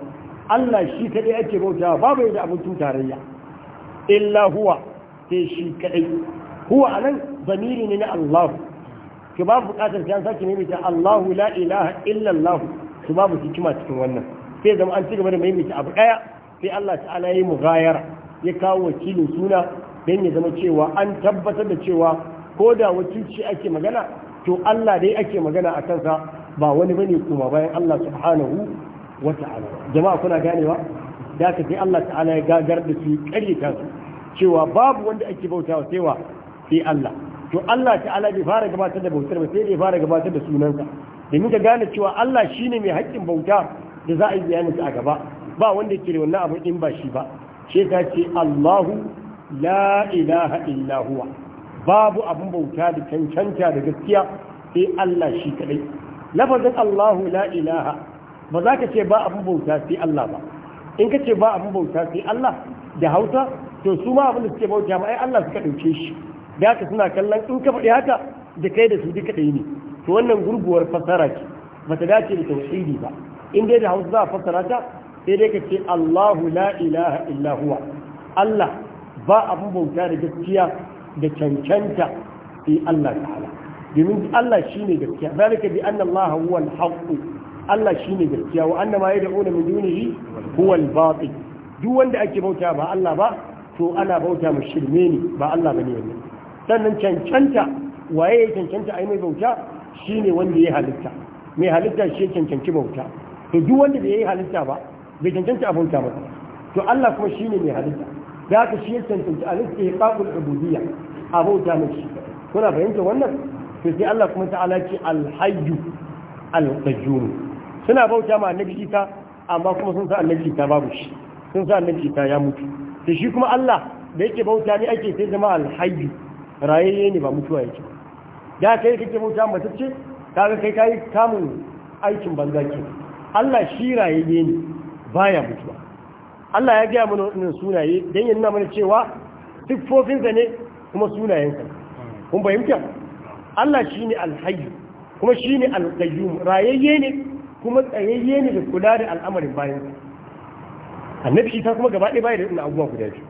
Allah shi kadai ake bautawa babu yadda abin tarayya illa huwa sai shi kadai huwa anan zamiri ne na Allah ki babu bukatar kan saki ne ta Allahu la ilaha illa Allah ki babu hikima cikin wannan sai zama an ci gaba da maimaita abu daya sai Allah ta'ala ya mughayara ya kawo wakilin suna don ya zama cewa an tabbatar da cewa ko da wakilci ake magana to Allah dai ake magana a kansa ba wani bane kuma bayan Allah subhanahu wa ta'ala jama'a kuna ganewa da ka sai Allah ta'ala ya gagar da su karyata su cewa babu wanda ake bautawa sai wa sai Allah to Allah ta'ala bai fara gabatar da bautar ba sai bai fara gabatar da sunansa domin ka gane cewa Allah shine mai haƙƙin bauta da za a yi bayanin a gaba ba wanda ke da wannan abu in ba shi ba shi ta ce Allahu la ilaha illa huwa babu abin bauta da cancanta da gaskiya sai Allah shi kadai lafazin Allahu la ilaha ba za ka ce ba abin bauta sai Allah ba in ka ce ba abin bauta sai Allah da Hausa to su ma abin da suke bauta ma ai Allah suka dauke shi da ka suna kallon in ka faɗi haka da kai da su duka ɗaya ne to wannan gurguwar fasara ce ba ta dace da tauhidi ba in dai da Hausa za a fasara ta sai dai ka ce Allahu la ilaha illa huwa Allah ba abun bauta da gaskiya da cancanta sai Allah hala. domin Allah shi ne gaskiya ka bi anna Allah huwa al-haqq Allah ne gaskiya wa anna ma yad'una min dunihi huwa al-batil duk wanda ake bauta ba Allah ba to ana bauta mu shirme ne ba Allah bane wannan sannan cancanta waye ya cancanta ai mai bauta shine wanda ya halitta mai halitta shi cancanci bauta to duk wanda bai yi halitta ba bai cancanci abauta masa to Allah kuma shi ne mai halitta za ka shi ya cancanta al a bauta abauta shi? kuna bayanta wannan to sai Allah kuma ta alaƙi al-hayyu suna bauta ma annabi Isa amma kuma sun sa annabi Isa babu shi sun sa annabi Isa ya mutu to shi kuma Allah da yake bauta ne ake sai zama al rayayye ne ba mutuwa yake da kai kake bauta matacce kaga kai kai kamun aikin banza ke Allah shi rayayye ne baya mutuwa Allah ya gaya mana wannan sunaye dan yin mana cewa sa ne kuma sunayensa kun fahimta Allah shi ne alhayu kuma shi ne alƙayyum rayayye ne kuma tsayayye ne da kula da al'amarin bayansa annabi shi ta kuma gaba ɗaya baya da waɗannan abubuwa guda biyu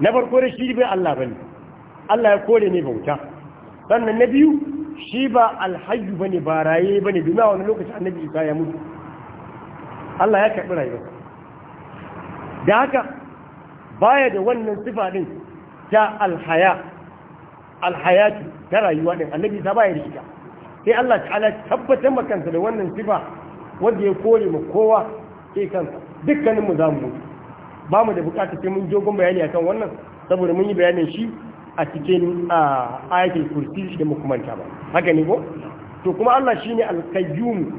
na farko da shi bai Allah bane Allah ya kore ne bauta sannan na biyu shi ba alhayu bane ba raye bane domin a wani lokaci annabi isa ya mutu Allah ya karɓi rayuwa da haka baya da wannan sifa din ta alhaya alhayatu ta rayuwa din annabi ta baya da ita sai Allah ta'ala tabbatar maka da wannan sifa wanda ya kore mu kowa sai kansa dukkanin mu zamu mutu ba mu da bukata sai mun jogon bayani akan wannan saboda mun yi bayanin shi a cikin ayatul kursi da muka manta ba haka ne ko to kuma Allah shine al-qayyum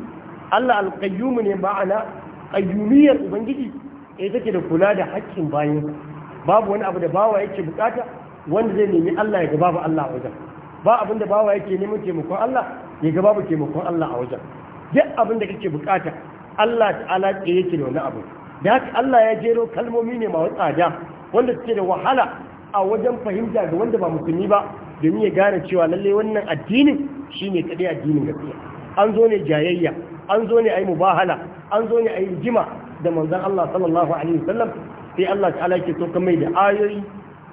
Allah al-qayyum ne ma'ana qayyumiyyar ubangiji ita eh, take da kula da hakkin bayan babu wani abu da bawa yake bukata wanda zai nemi Allah ya ga babu Allah a wajen ba abin da bawa yake neman taimakon Allah ya ga babu taimakon Allah a wajen duk abin da kake bukata Allah ta'ala ke yake da wani abu da haka Allah ya jero kalmomi ne masu tsada wanda suke da wahala a wajen fahimta ga wanda ba musulmi ba domin ya gane cewa lalle wannan addinin shine kadai addinin gaskiya an zo ne jayayya an zo ne ayi mubahala an zo ne ayi jima da manzan Allah sallallahu alaihi wasallam sai Allah ta'ala yake so mai da ayoyi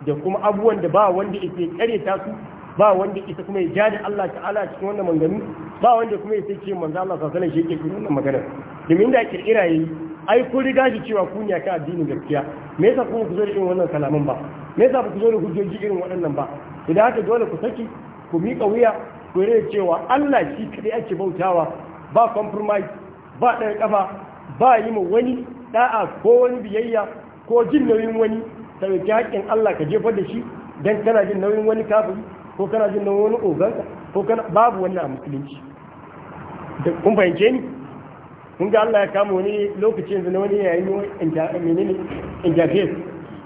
da kuma abubuwan da ba wanda yake kare ta su ba wanda ita kuma ya ja Allah ta'ala cikin wannan mangani ba wanda kuma ya ce manzan Allah sallallahu alaihi wasallam shi yake cikin wannan magana domin da kirkira yayi ai kun riga shi cewa ku ne akan addinin gaskiya me yasa kuma ku zo da irin wannan kalaman ba me yasa ku zo da hujjoji irin waɗannan ba idan haka dole ku saki ku miƙa wuya ku rere cewa Allah shi kadai ake bautawa ba compromise ba ɗaya ƙafa. ba yi ma wani da'a ko wani biyayya ko jin nauyin wani ka ɗauki haƙƙin Allah ka jefar da shi dan kana jin nauyin wani kafiri ko kana jin nauyin wani oganka ko kana babu wannan a musulunci da kun fahimce ni kun ga Allah ya kama wani lokaci yanzu na wani yayin menene interface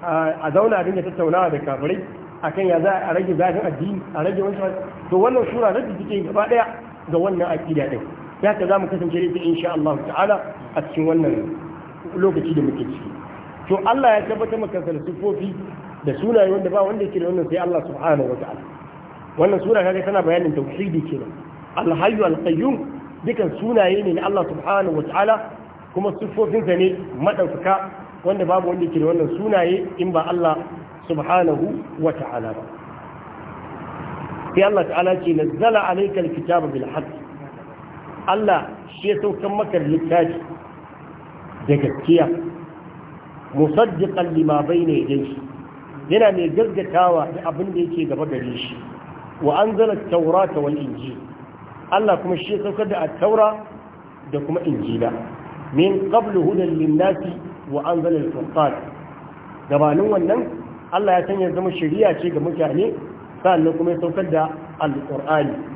a zauna a dinga tattaunawa da kafirai akan ya za a rage zafin addini a rage wancan to wannan sura da take gaba daya ga wannan aqida din ya ka za mu kasance da insha Allah ta'ala a cikin wannan lokaci da muke ciki to Allah ya tabbatar maka da sufofi da sunaye wanda ba wanda yake da wannan sai Allah subhanahu wa ta'ala wannan sura kaga tana bayanin tauhidi kenan al-hayyu al-qayyum dukan sunaye ne na Allah subhanahu wa ta'ala kuma sufofinsa ne madaukaka wanda babu wanda yake da wannan sunaye in ba Allah subhanahu wa ta'ala ba sai Allah ta'ala ce nazzala alayka al-kitaba bil haqq Allah shi ya saukan maka littafi da gaskiya musaddiqan lima bayna yadayhi yana mai gaggatawa da abin da yake gaba gare shi wa anzala at-taurata wal injil Allah kuma shi ya saukar da at-taura da kuma injila min qablu hudan lin-nasi wa anzala al-furqan gabanin wannan Allah ya sanya zama shari'a ce ga mutane sannan kuma ya saukar da al-qur'ani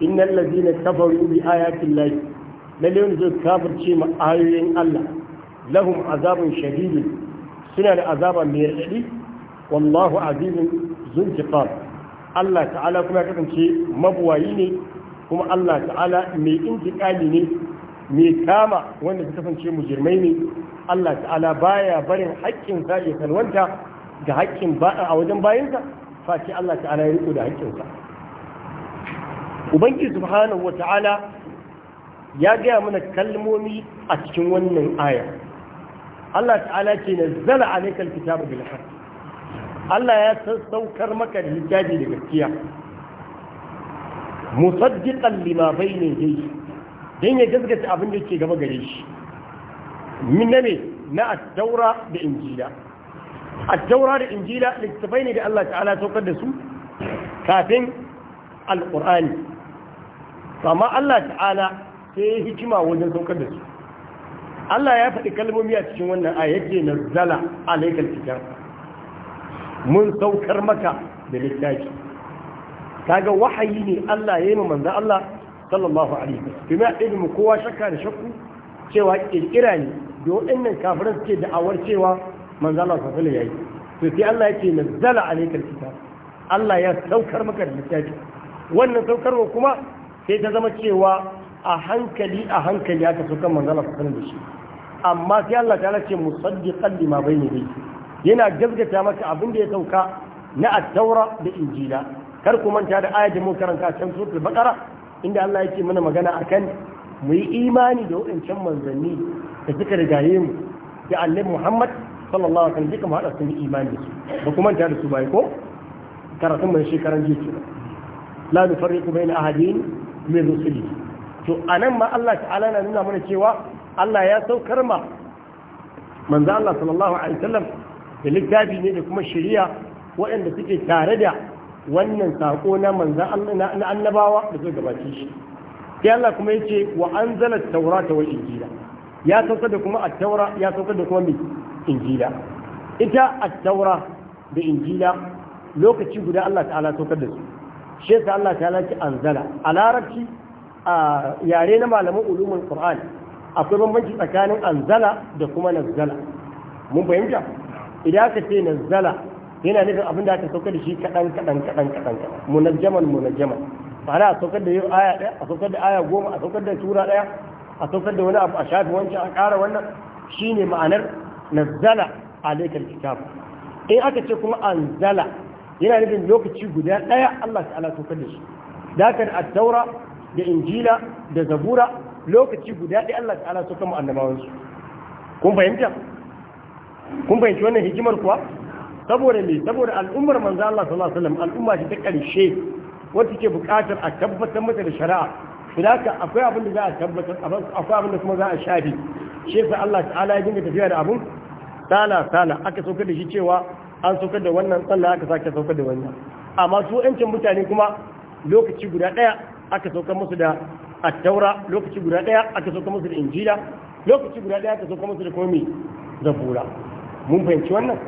innal ladina kafaru bi ayati llahi lalle wanda zai kafirce ma ayoyin Allah lahum azabun shadidun suna da azaba mai raɗaɗi wallahu azizun zuntiqam Allah ta'ala kuma kasance mabuwayi ne kuma Allah ta'ala mai intiqali ne mai kama wanda ta kasance mujirmai ne Allah ta'ala baya barin haƙƙin sa ya salwanta ga haƙƙin ba a wajen bayinsa face Allah ta'ala ya riko da haƙƙinsa ubangiji subhanahu wata'ala ya gaya mana kalmomi a cikin wannan aya Allah ta'ala ce nazzala alaikal kitabu bil haqq Allah ya sassaukar maka da hijabi da gaskiya musaddiqan lima bayna yadayhi dan ya gaskata abin da yake gaba gare shi min ne na at-taura da injila at-taura da injila littafai ne da Allah ta'ala saukar da su kafin al-qur'ani amma Allah ta'ala sai ya hikima wajen saukar da su Allah ya faɗi kalmomi a cikin wannan a yake a laikar cikin mun saukar maka da littafi kaga wahayi ne Allah ya yi manza Allah sallallahu alaihi wa sallam. kuma ya mu kowa shakka da shakku cewa kirkira ne da waɗannan kafiran suke da'awar cewa Manza Allah sallallahu alaihi yayi to sai Allah yake nazzala alaikal kitab Allah ya saukar maka da littafi wannan saukarwa kuma sai ta zama cewa a hankali a hankali aka so kan manzala sanar da shi amma sai Allah ta nace ce musaddiqan lima bayni dai yana gaskata maka abin da ya sauka na attaura da injila kar ku manta da ayat da mu karanta can suratul bakara. inda Allah yake mana magana akan mu yi imani da wadancan manzanni da suka rigaye mu da annabi Muhammad sallallahu alaihi wasallam duka mu hada sun imani da su ba ku manta da su bai ko karatun mai shekaran jiya la nufarriqu bayna ahadin min rusuli to anan ma Allah ta'ala na nuna mana cewa Allah ya saukar ma manzo Allah sallallahu alaihi wasallam da littafi ne da kuma shari'a waɗanda suke tare da wannan sako na manzo Allah na annabawa da suka gabace shi sai Allah kuma yace wa anzala at-taurata wal injila ya saukar da kuma at-taura ya saukar da kuma injila ita at-taura da injila lokaci guda Allah ta'ala saukar da su shi yasa Allah ta laki anzala a larabci a yare na malaman ulumin qur'ani akwai bambanci tsakanin anzala da kuma nazala. mun fahimta idan aka ce nazala, yana nufin abin da aka saukar da shi kadan kadan kadan kadan munajjaman munajjaman ma'ana a saukar da aya ɗaya a saukar da aya goma a saukar da tura ɗaya a saukar da wani abu a shafi wancan a ƙara wannan shine ma'anar nazala alaikal kitab in aka ce kuma anzala yana nufin lokaci guda ɗaya Allah ta'ala saukar da shi dakar at attaura da injila da zabura lokaci guda ɗaya Allah ta'ala saukar mu annabawansu kun fahimta kun fahimci wannan hikimar kuwa saboda me saboda al'ummar manzo Allah sallallahu alaihi wasallam al'umma ce ta ƙarshe, wacce ke buƙatar a tabbatar mata da shari'a saboda akwai abin da za a tabbatar akwai abin da kuma za a shafi shi yasa Allah ta'ala ya dinga tafiya da abun sala sala aka saukar da shi cewa an saukar da wannan sannan aka sake saukar da wannan amma su yancin mutane kuma lokaci guda ɗaya aka saukar musu da attaura lokaci guda ɗaya aka saukar musu da injila lokaci guda ɗaya aka saukar musu da komi bura mun fahimci wannan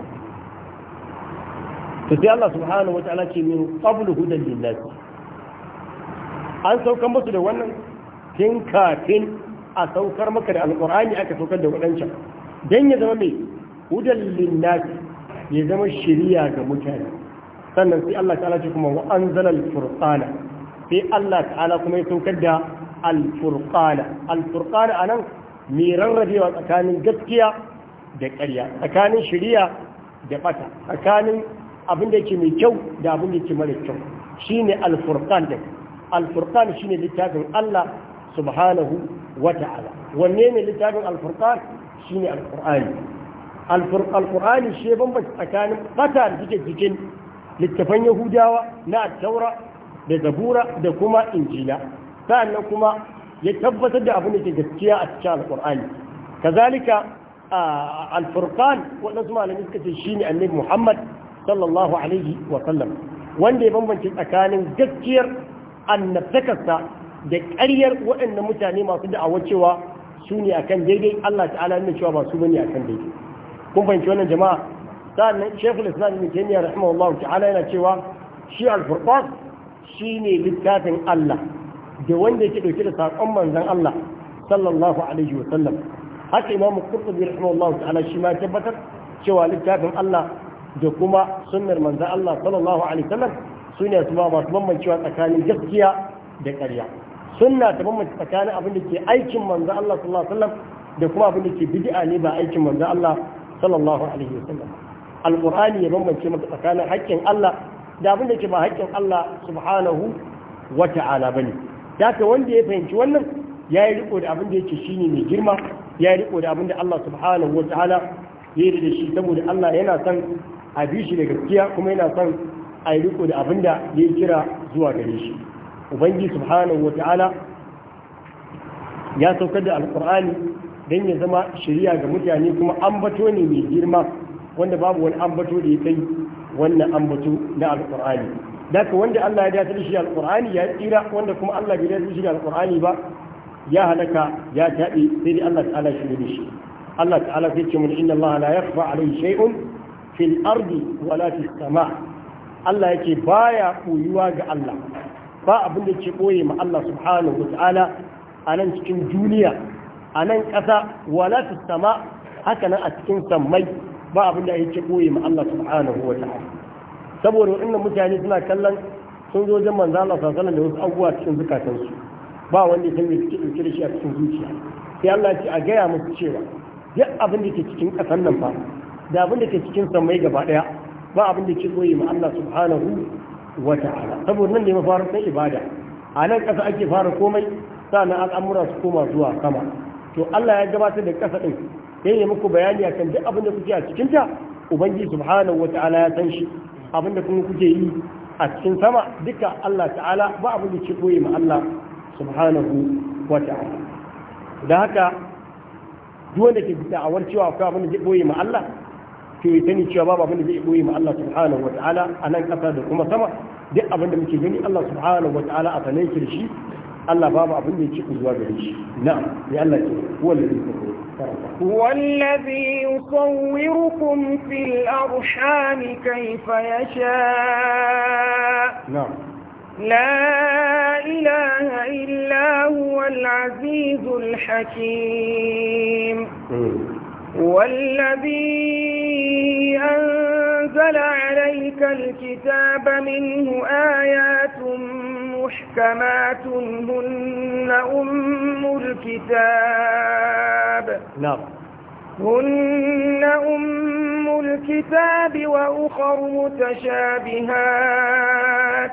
to sai Allah subhanahu wa ta'ala ce min qablu hudan lin an saukar musu da wannan tun kafin a saukar maka da alqur'ani aka saukar da wadancan dan ya zama mai hudan lin ya zama shiriya ga mutane sannan sai Allah ta'ala ce kuma wa anzala al sai Allah ta'ala kuma ya saukar da al-furqana al anan mai rarrabewa tsakanin gaskiya da ƙarya tsakanin shiriya da bata tsakanin abin da yake mai kyau da abin da yake mara kyau shine al-furqan din al shine littafin Allah subhanahu wa ta'ala wanne ne littafin al shine Alkur'ani? alkur'ani shi bambanta tsakanin bata da suke cikin littafan yahudawa na taura da zabura da kuma injila sa'annan kuma ya tabbatar da abin da ke gaskiya a cikin alkur'ani kazalika alfurqan waɗansu malamai suka ce ne annabi muhammad sallallahu alaihi wa sallam wanda ya bambanci tsakanin gaskiyar annabtakarsa da ƙaryar waɗannan mutane masu da'awa cewa su ne akan daidai Allah ta'ala ne cewa ba su bane akan daidai kun fahimci wannan jama'a sa'annan shekul islam ibn taymiya rahimahullahu ta'ala yana cewa shi al-furqan shine littafin Allah da wanda yake dauke da sakon manzon Allah sallallahu alaihi wa sallam haka imam qurtubi rahimahullahu ta'ala shi ma tabbatar cewa littafin Allah da kuma sunnar manzon Allah sallallahu alaihi wa sallam sune su ba masu bambancewa tsakanin gaskiya da ƙarya sunna ta bambance tsakanin abin da ke aikin manzon Allah sallallahu alaihi wa sallam da kuma abin da ke bid'a ne ba aikin manzon Allah sallallahu alaihi wasallam alqur'ani ya bambance maka tsakanin haƙƙin Allah da abin da ke ba haƙƙin Allah subhanahu wa ta'ala bane daga wanda ya fahimci wannan ya yi riko da abin da yake shine mai girma ya yi riko da abin da Allah subhanahu wa ta'ala ya yi da shi saboda Allah yana son a bi shi da gaskiya kuma yana son a yi riko da abin da ya kira zuwa gare shi ubangi subhanahu wa ta'ala ya saukar da alqur'ani don ya zama shari'a ga mutane kuma ambato ne mai girma wanda babu wani ambato da ya kai wannan ambato na alkur'ani daga wanda Allah ya dace shi alkur'ani ya tsira wanda kuma Allah bai dace shi alkur'ani ba ya halaka ya tabi sai dai Allah ta'ala shi ne shi Allah ta'ala sai ce mun inna Allah la yakhfa alayhi shay'un fil ardi wala fis sama Allah yake baya koyuwa ga Allah ba abin da ke boye ma Allah subhanahu wa ta'ala a nan cikin duniya a nan ƙasa wala fi sama haka nan a cikin sammai ba abin da yake ɓoye ma Allah subhanahu wa ta'ala saboda waɗannan mutane suna kallon sun zo wajen manzo Allah sallallahu alaihi wasallam da wasu abubuwa cikin zukatansu ba wanda ya san me suke dauke da shi a cikin zuciya sai Allah ce a gaya musu cewa duk abin da ke cikin ƙasar nan ba da abin da ke cikin sammai gaba ɗaya ba abin da ke ɓoye ma Allah subhanahu wa ta'ala saboda nan ne mafarin ibada a nan ƙasa ake fara komai sannan al'amura su koma zuwa sama to Allah ya gabatar da ƙasa ɗin ya yi muku bayani akan duk abin da kuke a cikin ta ubangi subhanahu wa ta'ala ya san shi abin da kuma kuke yi a cikin sama duka Allah ta'ala ba abin da ke koyi ma Allah subhanahu wa ta'ala da haka duk wanda ke da'awar cewa akwai abin da zai koyi ma Allah to ya sani cewa babu abin da zai koyi ma Allah subhanahu wa ta'ala a nan ƙasa da kuma sama duk abin da muke gani Allah subhanahu wa ta'ala a sanai shi الله بابا أبن يجيك زواج ريش نعم لأنك هو الذي يصوركم هو الذي يصوركم في الأرحام كيف يشاء نعم لا إله إلا هو العزيز الحكيم والذي أنزل عليك الكتاب منه آيات محكمات هن أم الكتاب نعم هن أم الكتاب وأخر متشابهات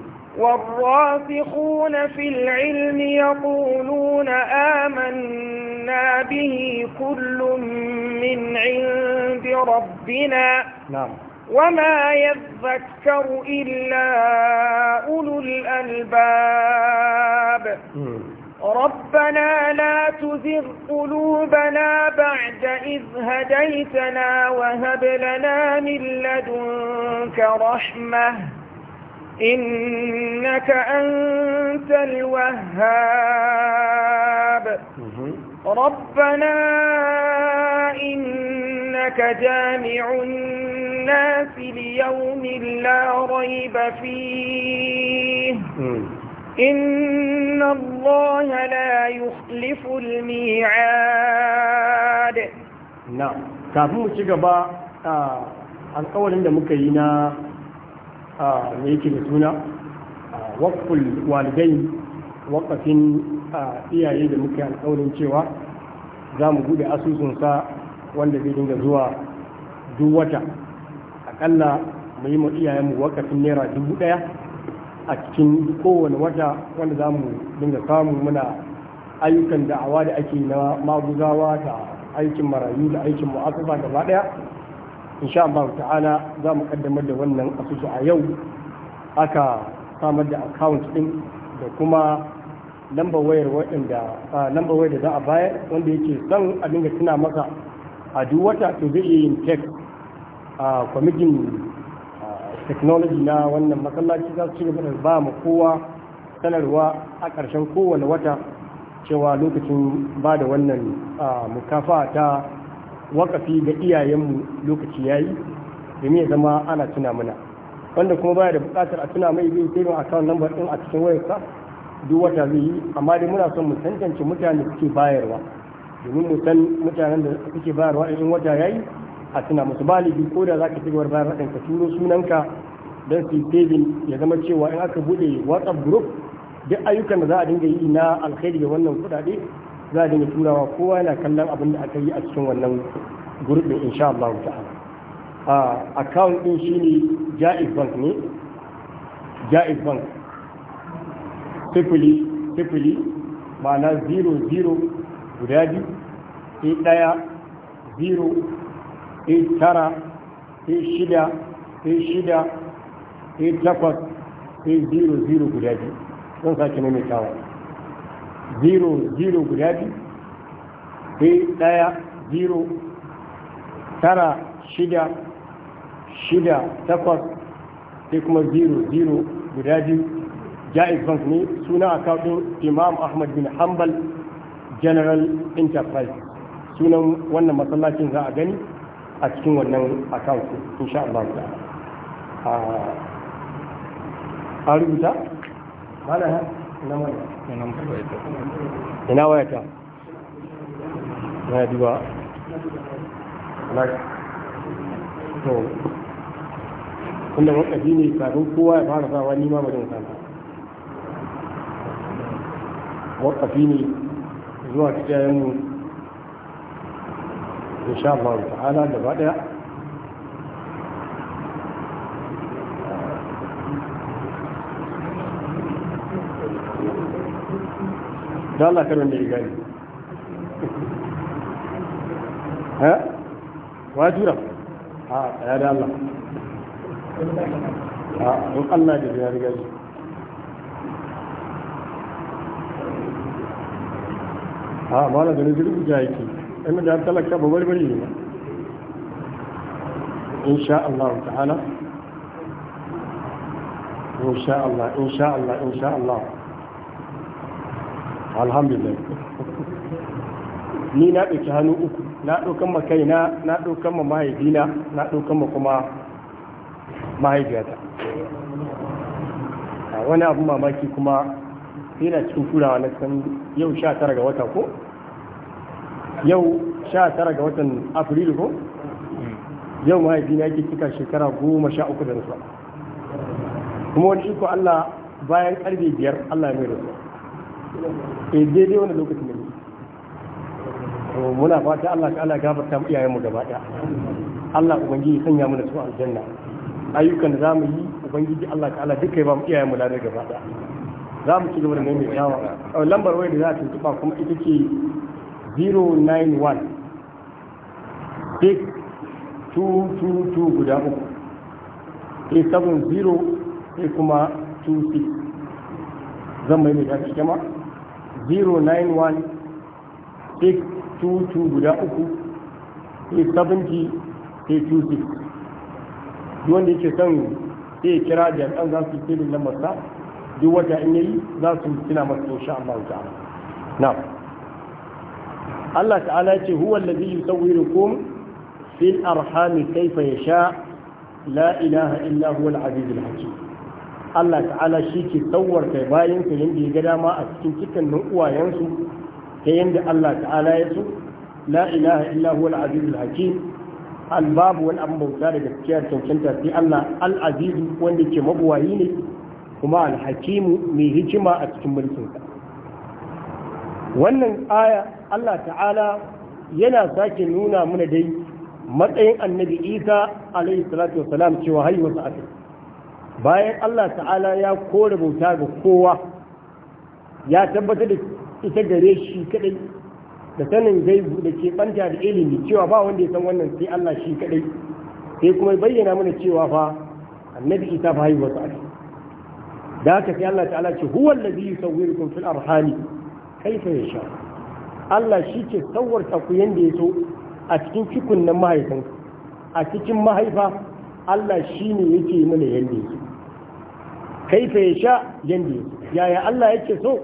والراسخون في العلم يقولون آمنا به كل من عند ربنا نعم وما يذكر إلا أولو الألباب ربنا لا تزغ قلوبنا بعد إذ هديتنا وهب لنا من لدنك رحمة إنك أنت الوهاب ربنا إنك جامع الناس ليوم لا ريب فيه إن الله لا يخلف الميعاد نعم كافو mu آه، القول عند alkawarin a yake da suna wakful walidai waqafin iyaye da muke alƙawarin cewa za mu buɗe asusunsa wanda zai dinga zuwa duwata. wata aƙalla mu yi mu iyayenmu naira dubu ɗaya a cikin kowane wata wanda za mu dinga samu muna ayyukan da'awa da ake na maguzawa ta aikin marayu da aikin mu'asasa gaba ɗaya In sha Allah ta'ala za mu kaddamar da wannan asusu a yau aka samar da account din da kuma lambar wayar waɗanda lambar wayar da za a bayar wanda yake son a dinga tuna masa a duk wata to zai iya yin text a kwamitin technology na wannan masallaci za su ci gaba da ba mu kowa sanarwa a ƙarshen kowane wata cewa lokacin ba da wannan mukafa ta wakafi ga iyayenmu lokaci ya yayi domin ya zama ana tuna mana wanda kuma baya da bukatar a tuna mai zai a account lambar din a cikin wayarsa duk wata zai yi amma dai muna son mu tantance mutane suke bayarwa domin mu san mutanen da suke bayarwa in wata ya yi a tuna musu baligi ko da za zaka cigaba bayar ka turo sunanka don su yi ya zama cewa in aka buɗe whatsapp group duk ayyukan da za a dinga yi na alkhairi ga wannan kuɗaɗe za a dinga turawa kowa yana kallon abin da aka yi a cikin wannan gurbin insha Allah ta'ala a account din shine Jaiz Bank ne Jaiz Bank sifili sifili ma'ana 00 guda biyu sai ɗaya zero sai tara sai shida sai shida sai takwas sai zero zero guda biyu zan sake maimaitawa zero zero guda biyu sai daya zero tara shida shida takwas sai kuma zero zero guda biyu jaiz bank ne suna akawun imam ahmad bin hanbal general enterprise sunan wannan masallacin za a gani a cikin wannan account sha Allah ta a ah, rubuta? ina wayata na duba to inda wakafi ne kafin kowa ya fara sawa nima ba zan kanta wakafi ne zuwa cikin insha Allah ta'ala ba daya Eh? da Allah karin da ha wajura ha ya da Allah ha don Allah da ya riga shi ha ba na inda da ne Allah ta'ala Allah Allah Allah alhamdulillah ni na ɗauki hannu uku na ɗaukan ma kaina na ɗaukan ma mahaifina na ɗaukan ma kuma mahaifiyata a wani abin mamaki kuma yana cikin turawa na san yau sha tara ga wata ko yau sha tara ga watan afrilu ko yau mahaifina yake cika shekara goma sha uku da rasuwa kuma wani iko allah bayan karfe biyar allah ya mai rasuwa eh daidai wani lokacin da oh, muna fata Allah ka Allah gafarta mu iyayen mu gaba daya Allah ubangiji sanya mu da su aljanna ayyukan da zamu yi ubangiji Allah ka Allah duka ya ba mu iyayen mu ladan gaba daya zamu ci gaba da mai tawa oh, lambar waya da za ta tuba kuma ita ce 091 6 222 guda uku 370 sai kuma 26 zan mai mai tashi jama'a 091 622 guda uku sai 70 duk wanda yake son sai kira da ɗan za su yi filin lamar duk wata in yayi za su tuna masa insha Allah ta'ala na Allah ta'ala ce huwa allazi yusawwirukum fil arham kayfa yasha la ilaha illa huwa al-aziz al-hakim Allah ta'ala shi ke bayan ka yadda ya ga dama a cikin cikin uwayensu ta yadda Allah ta'ala ya so la ilaha illa huwa al-aziz hakim al-babu wani abin bauta da gaskiya cancanta sai Allah al-aziz wanda ke mabuwayi ne kuma al mai hikima a cikin mulkin ka, wannan aya Allah ta'ala yana sake nuna mana dai matsayin annabi Isa alaihi salatu wasalam cewa haihuwarsa a bayan Allah ta'ala ya kore bauta ga kowa ya tabbatar da ita gare shi kadai da sanin gaibu da ke banta da ilimi cewa ba wanda ya san wannan sai Allah shi kadai sai kuma bayyana mana cewa fa annabi isa fa haihuwa ta ake da haka sai Allah ta'ala ce huwa allazi yusawwirukum fil arhami kaifa yasha Allah shi ke sawarta ku yanda ya so a cikin cikun nan mahaifanku a cikin mahaifa Allah shi ne yake mana yanda yake kaifa ya sha yanda yaya Allah yake so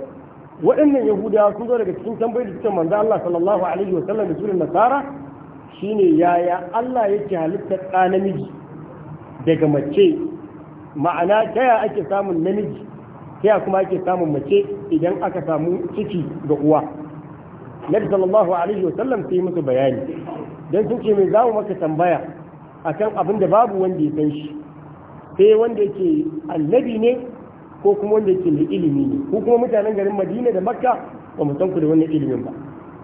waɗannan yahudawa sun zo daga cikin tambayoyi da cikin manzo Allah sallallahu alaihi wa sallam da sunan nasara shine yaya Allah yake halittar ɗa namiji daga mace ma'ana ta ya ake samun namiji ta ya kuma ake samun mace idan aka samu ciki ga uwa nabi sallallahu alaihi wa sallam sai musu bayani dan sun ce mai zamu maka tambaya akan abin da babu wanda ya san shi sai wanda yake annabi ne ko kuma wanda yake mai ilimi ne ko kuma mutanen garin madina da makka ba mu san ku da wannan ilimin ba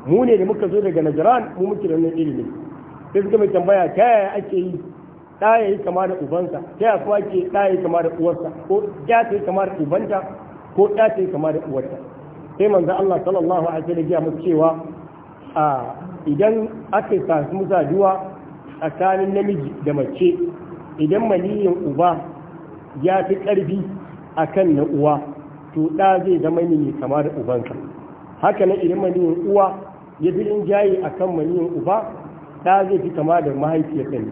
mu ne da muka zo daga najran mu muke da wannan ilimin sai suka mai tambaya ta yaya ake yi ta ya yi kama da ubansa ta yaya kuma ake ɗa ya yi kama da uwarsa ko ya ta yi kama da ubanta ko ɗa ta yi kama da uwarta sai manzo Allah sallallahu alaihi wasallam ya musu cewa a idan aka samu a tsakanin namiji da mace idan maniyin uba ya fi ƙarfi a kan na uwa to ɗa zai zama ne mai kama da ubanka. haka na idan maniyin uwa ya fi rinjaye a kan maniyin uba ɗa zai fi kama da mahaifiyarsa ne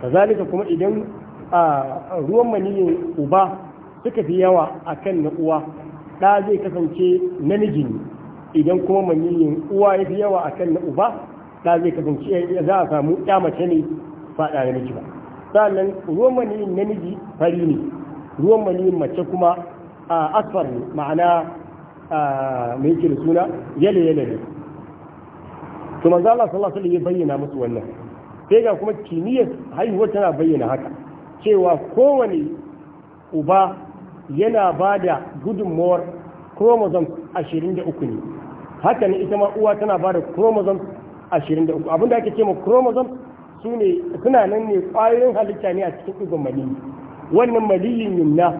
kazalika kuma idan ruwan maniyin uba suka fi yawa a kan na uwa ɗa zai kasance namiji idan kuma maniyin uwa ya fi yawa a kan na uba ɗa zai kasance za a samu mace ne faɗa namiji ba sannan ruwan maniyin namiji fari ne ruwan maniyin mace kuma a asfar ne ma'ana mai yake suna yale yale ne to manzo Allah sallallahu alaihi wasallam ya bayyana musu wannan sai ga kuma kimiyyar haihuwar tana bayyana haka cewa kowane uba yana ba da gudunmuwar chromosome 23 ne haka ne ita ma uwa tana ba da chromosome 23 abinda ake ce ma chromosome su ne suna nan ne ƙwayoyin halitta ne a cikin ɗigon maliyi wannan maliyin yumna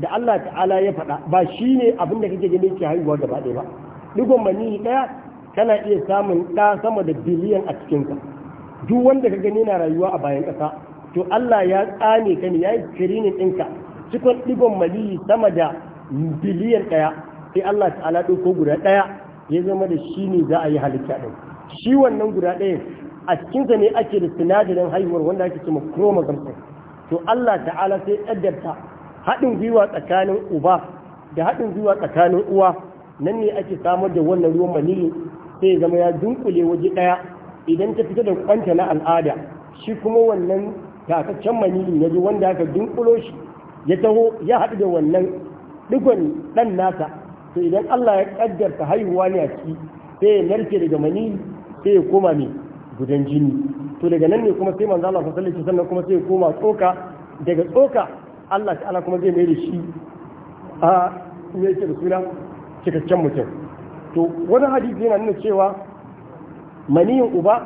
da Allah ta'ala ya faɗa ba shi ne abin da kake gani ke haihuwa gaba ɗaya ba ɗigon maniyi ɗaya kana iya samun ɗa sama da biliyan a ka duk wanda ka gani na rayuwa a bayan ƙasa to Allah ya tsane ka ne ya yi kirinin ɗinka cikin ɗigon maliyi sama da biliyan ɗaya sai Allah ta'ala ɗauko guda ɗaya ya zama da shi ne za a yi halitta ɗin shi wannan guda ɗaya. a cikinsa ne ake da sinadarin haihuwar wanda ake cewa chromosome to Allah ta'ala sai kaddarta haɗin gwiwa tsakanin uba da haɗin gwiwa tsakanin uwa nan ne ake samar da wannan ruwan maniyi sai zama ya dunkule waje ɗaya idan ta fita da kwanta na al'ada shi kuma wannan takaccen maniyin ya zo wanda aka dunkulo shi ya taho ya haɗu da wannan digon ɗan nasa to idan Allah ya kaddarta haihuwa ne a ciki sai ya narke daga maniyi sai ya koma ne gudan jini to daga nan ne kuma sai manzo Allah sallallahu alaihi wasallam kuma sai koma tsoka daga tsoka Allah ta'ala kuma zai mai da shi a me yake da suna cikakken mutum to wani hadisi yana nuna cewa maniyin uba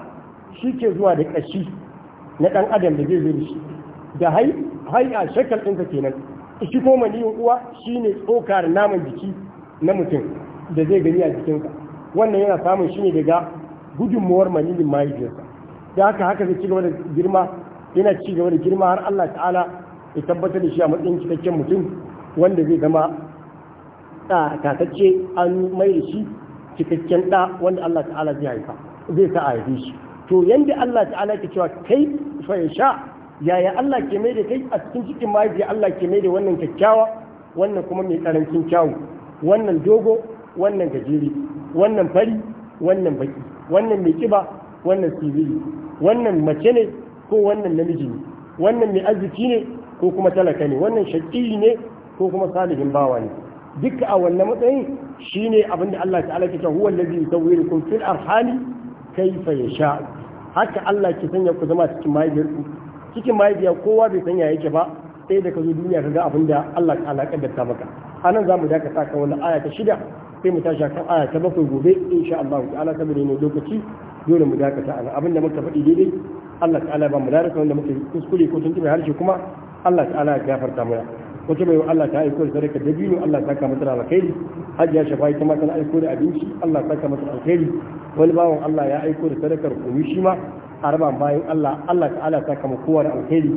shi ke zuwa da kashi na ɗan adam da zai zo da shi da hai hai a shakal ta kenan shi ko maniyin uwa shine tsokar da naman jiki na mutum da zai gani a jikinsa wannan yana samun shi ne daga gudunmuwar manilin mahaifiyarsa da haka haka zai cigaba da girma yana cigaba da girma har Allah ta'ala ya tabbatar da shi a matsayin cikakken mutum wanda zai zama tatacce an mai da shi cikakken ɗa wanda Allah ta'ala zai haifa zai sa a haife shi to yanda Allah ta'ala ke cewa kai fa ya sha yaya Allah ke mai da kai a cikin cikin mahaifiya Allah ke mai da wannan kyakkyawa wannan kuma mai karancin kyawu wannan dogo wannan gajeri wannan fari wannan baki wannan mai kiba wannan siriri wannan mace ne ko wannan namiji ne wannan mai arziki ne ko kuma talaka ne wannan shakkii ne ko kuma salihin bawa ne duka a wannan matsayin shine abin da Allah ta'ala ke cewa huwal allazi yusawwirukum fil arhami kayfa yasha haka Allah ke sanya ku zama cikin mahaifiyar ku cikin mahaifiya kowa bai sanya yake ba sai da ka zo duniya ka ga abin da Allah ta'ala kaddarta maka anan zamu dakata kan wannan aya ta shida sai mu tashi kan aya ta bakwai gobe insha Allah ta'ala saboda ne lokaci dole mu dakata ana abinda muka faɗi daidai Allah ta'ala ba mu darasa wanda muka kuskure ko tuntuɓe harshe kuma Allah ta'ala ya gafarta mana wata mai Allah ta aiko da sadaka da biyu Allah ta kama mata alkhairi hajiya shafai ta mata aiko da abinci Allah ta kama mata alkhairi wani bawan Allah ya aiko da sadakar kunu shi ma a raba bayan Allah Allah ta'ala ta kama kowa da alkhairi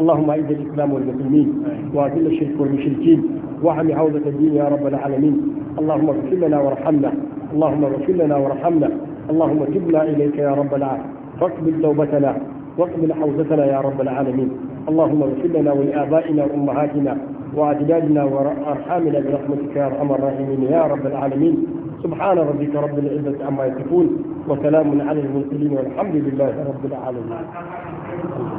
اللهم اعز الاسلام والمسلمين واذل الشرك والمشركين واحم حوزه الدين يا رب العالمين اللهم اغفر لنا وارحمنا اللهم اغفر لنا وارحمنا اللهم تبنا اليك يا رب العالمين فاقبل توبتنا واقبل حوزتنا يا رب العالمين اللهم اغفر لنا ولابائنا وامهاتنا واجدادنا وارحامنا برحمتك يا ارحم الراحمين يا رب العالمين سبحان ربك رب العزه عما يصفون وسلام على المرسلين والحمد لله رب العالمين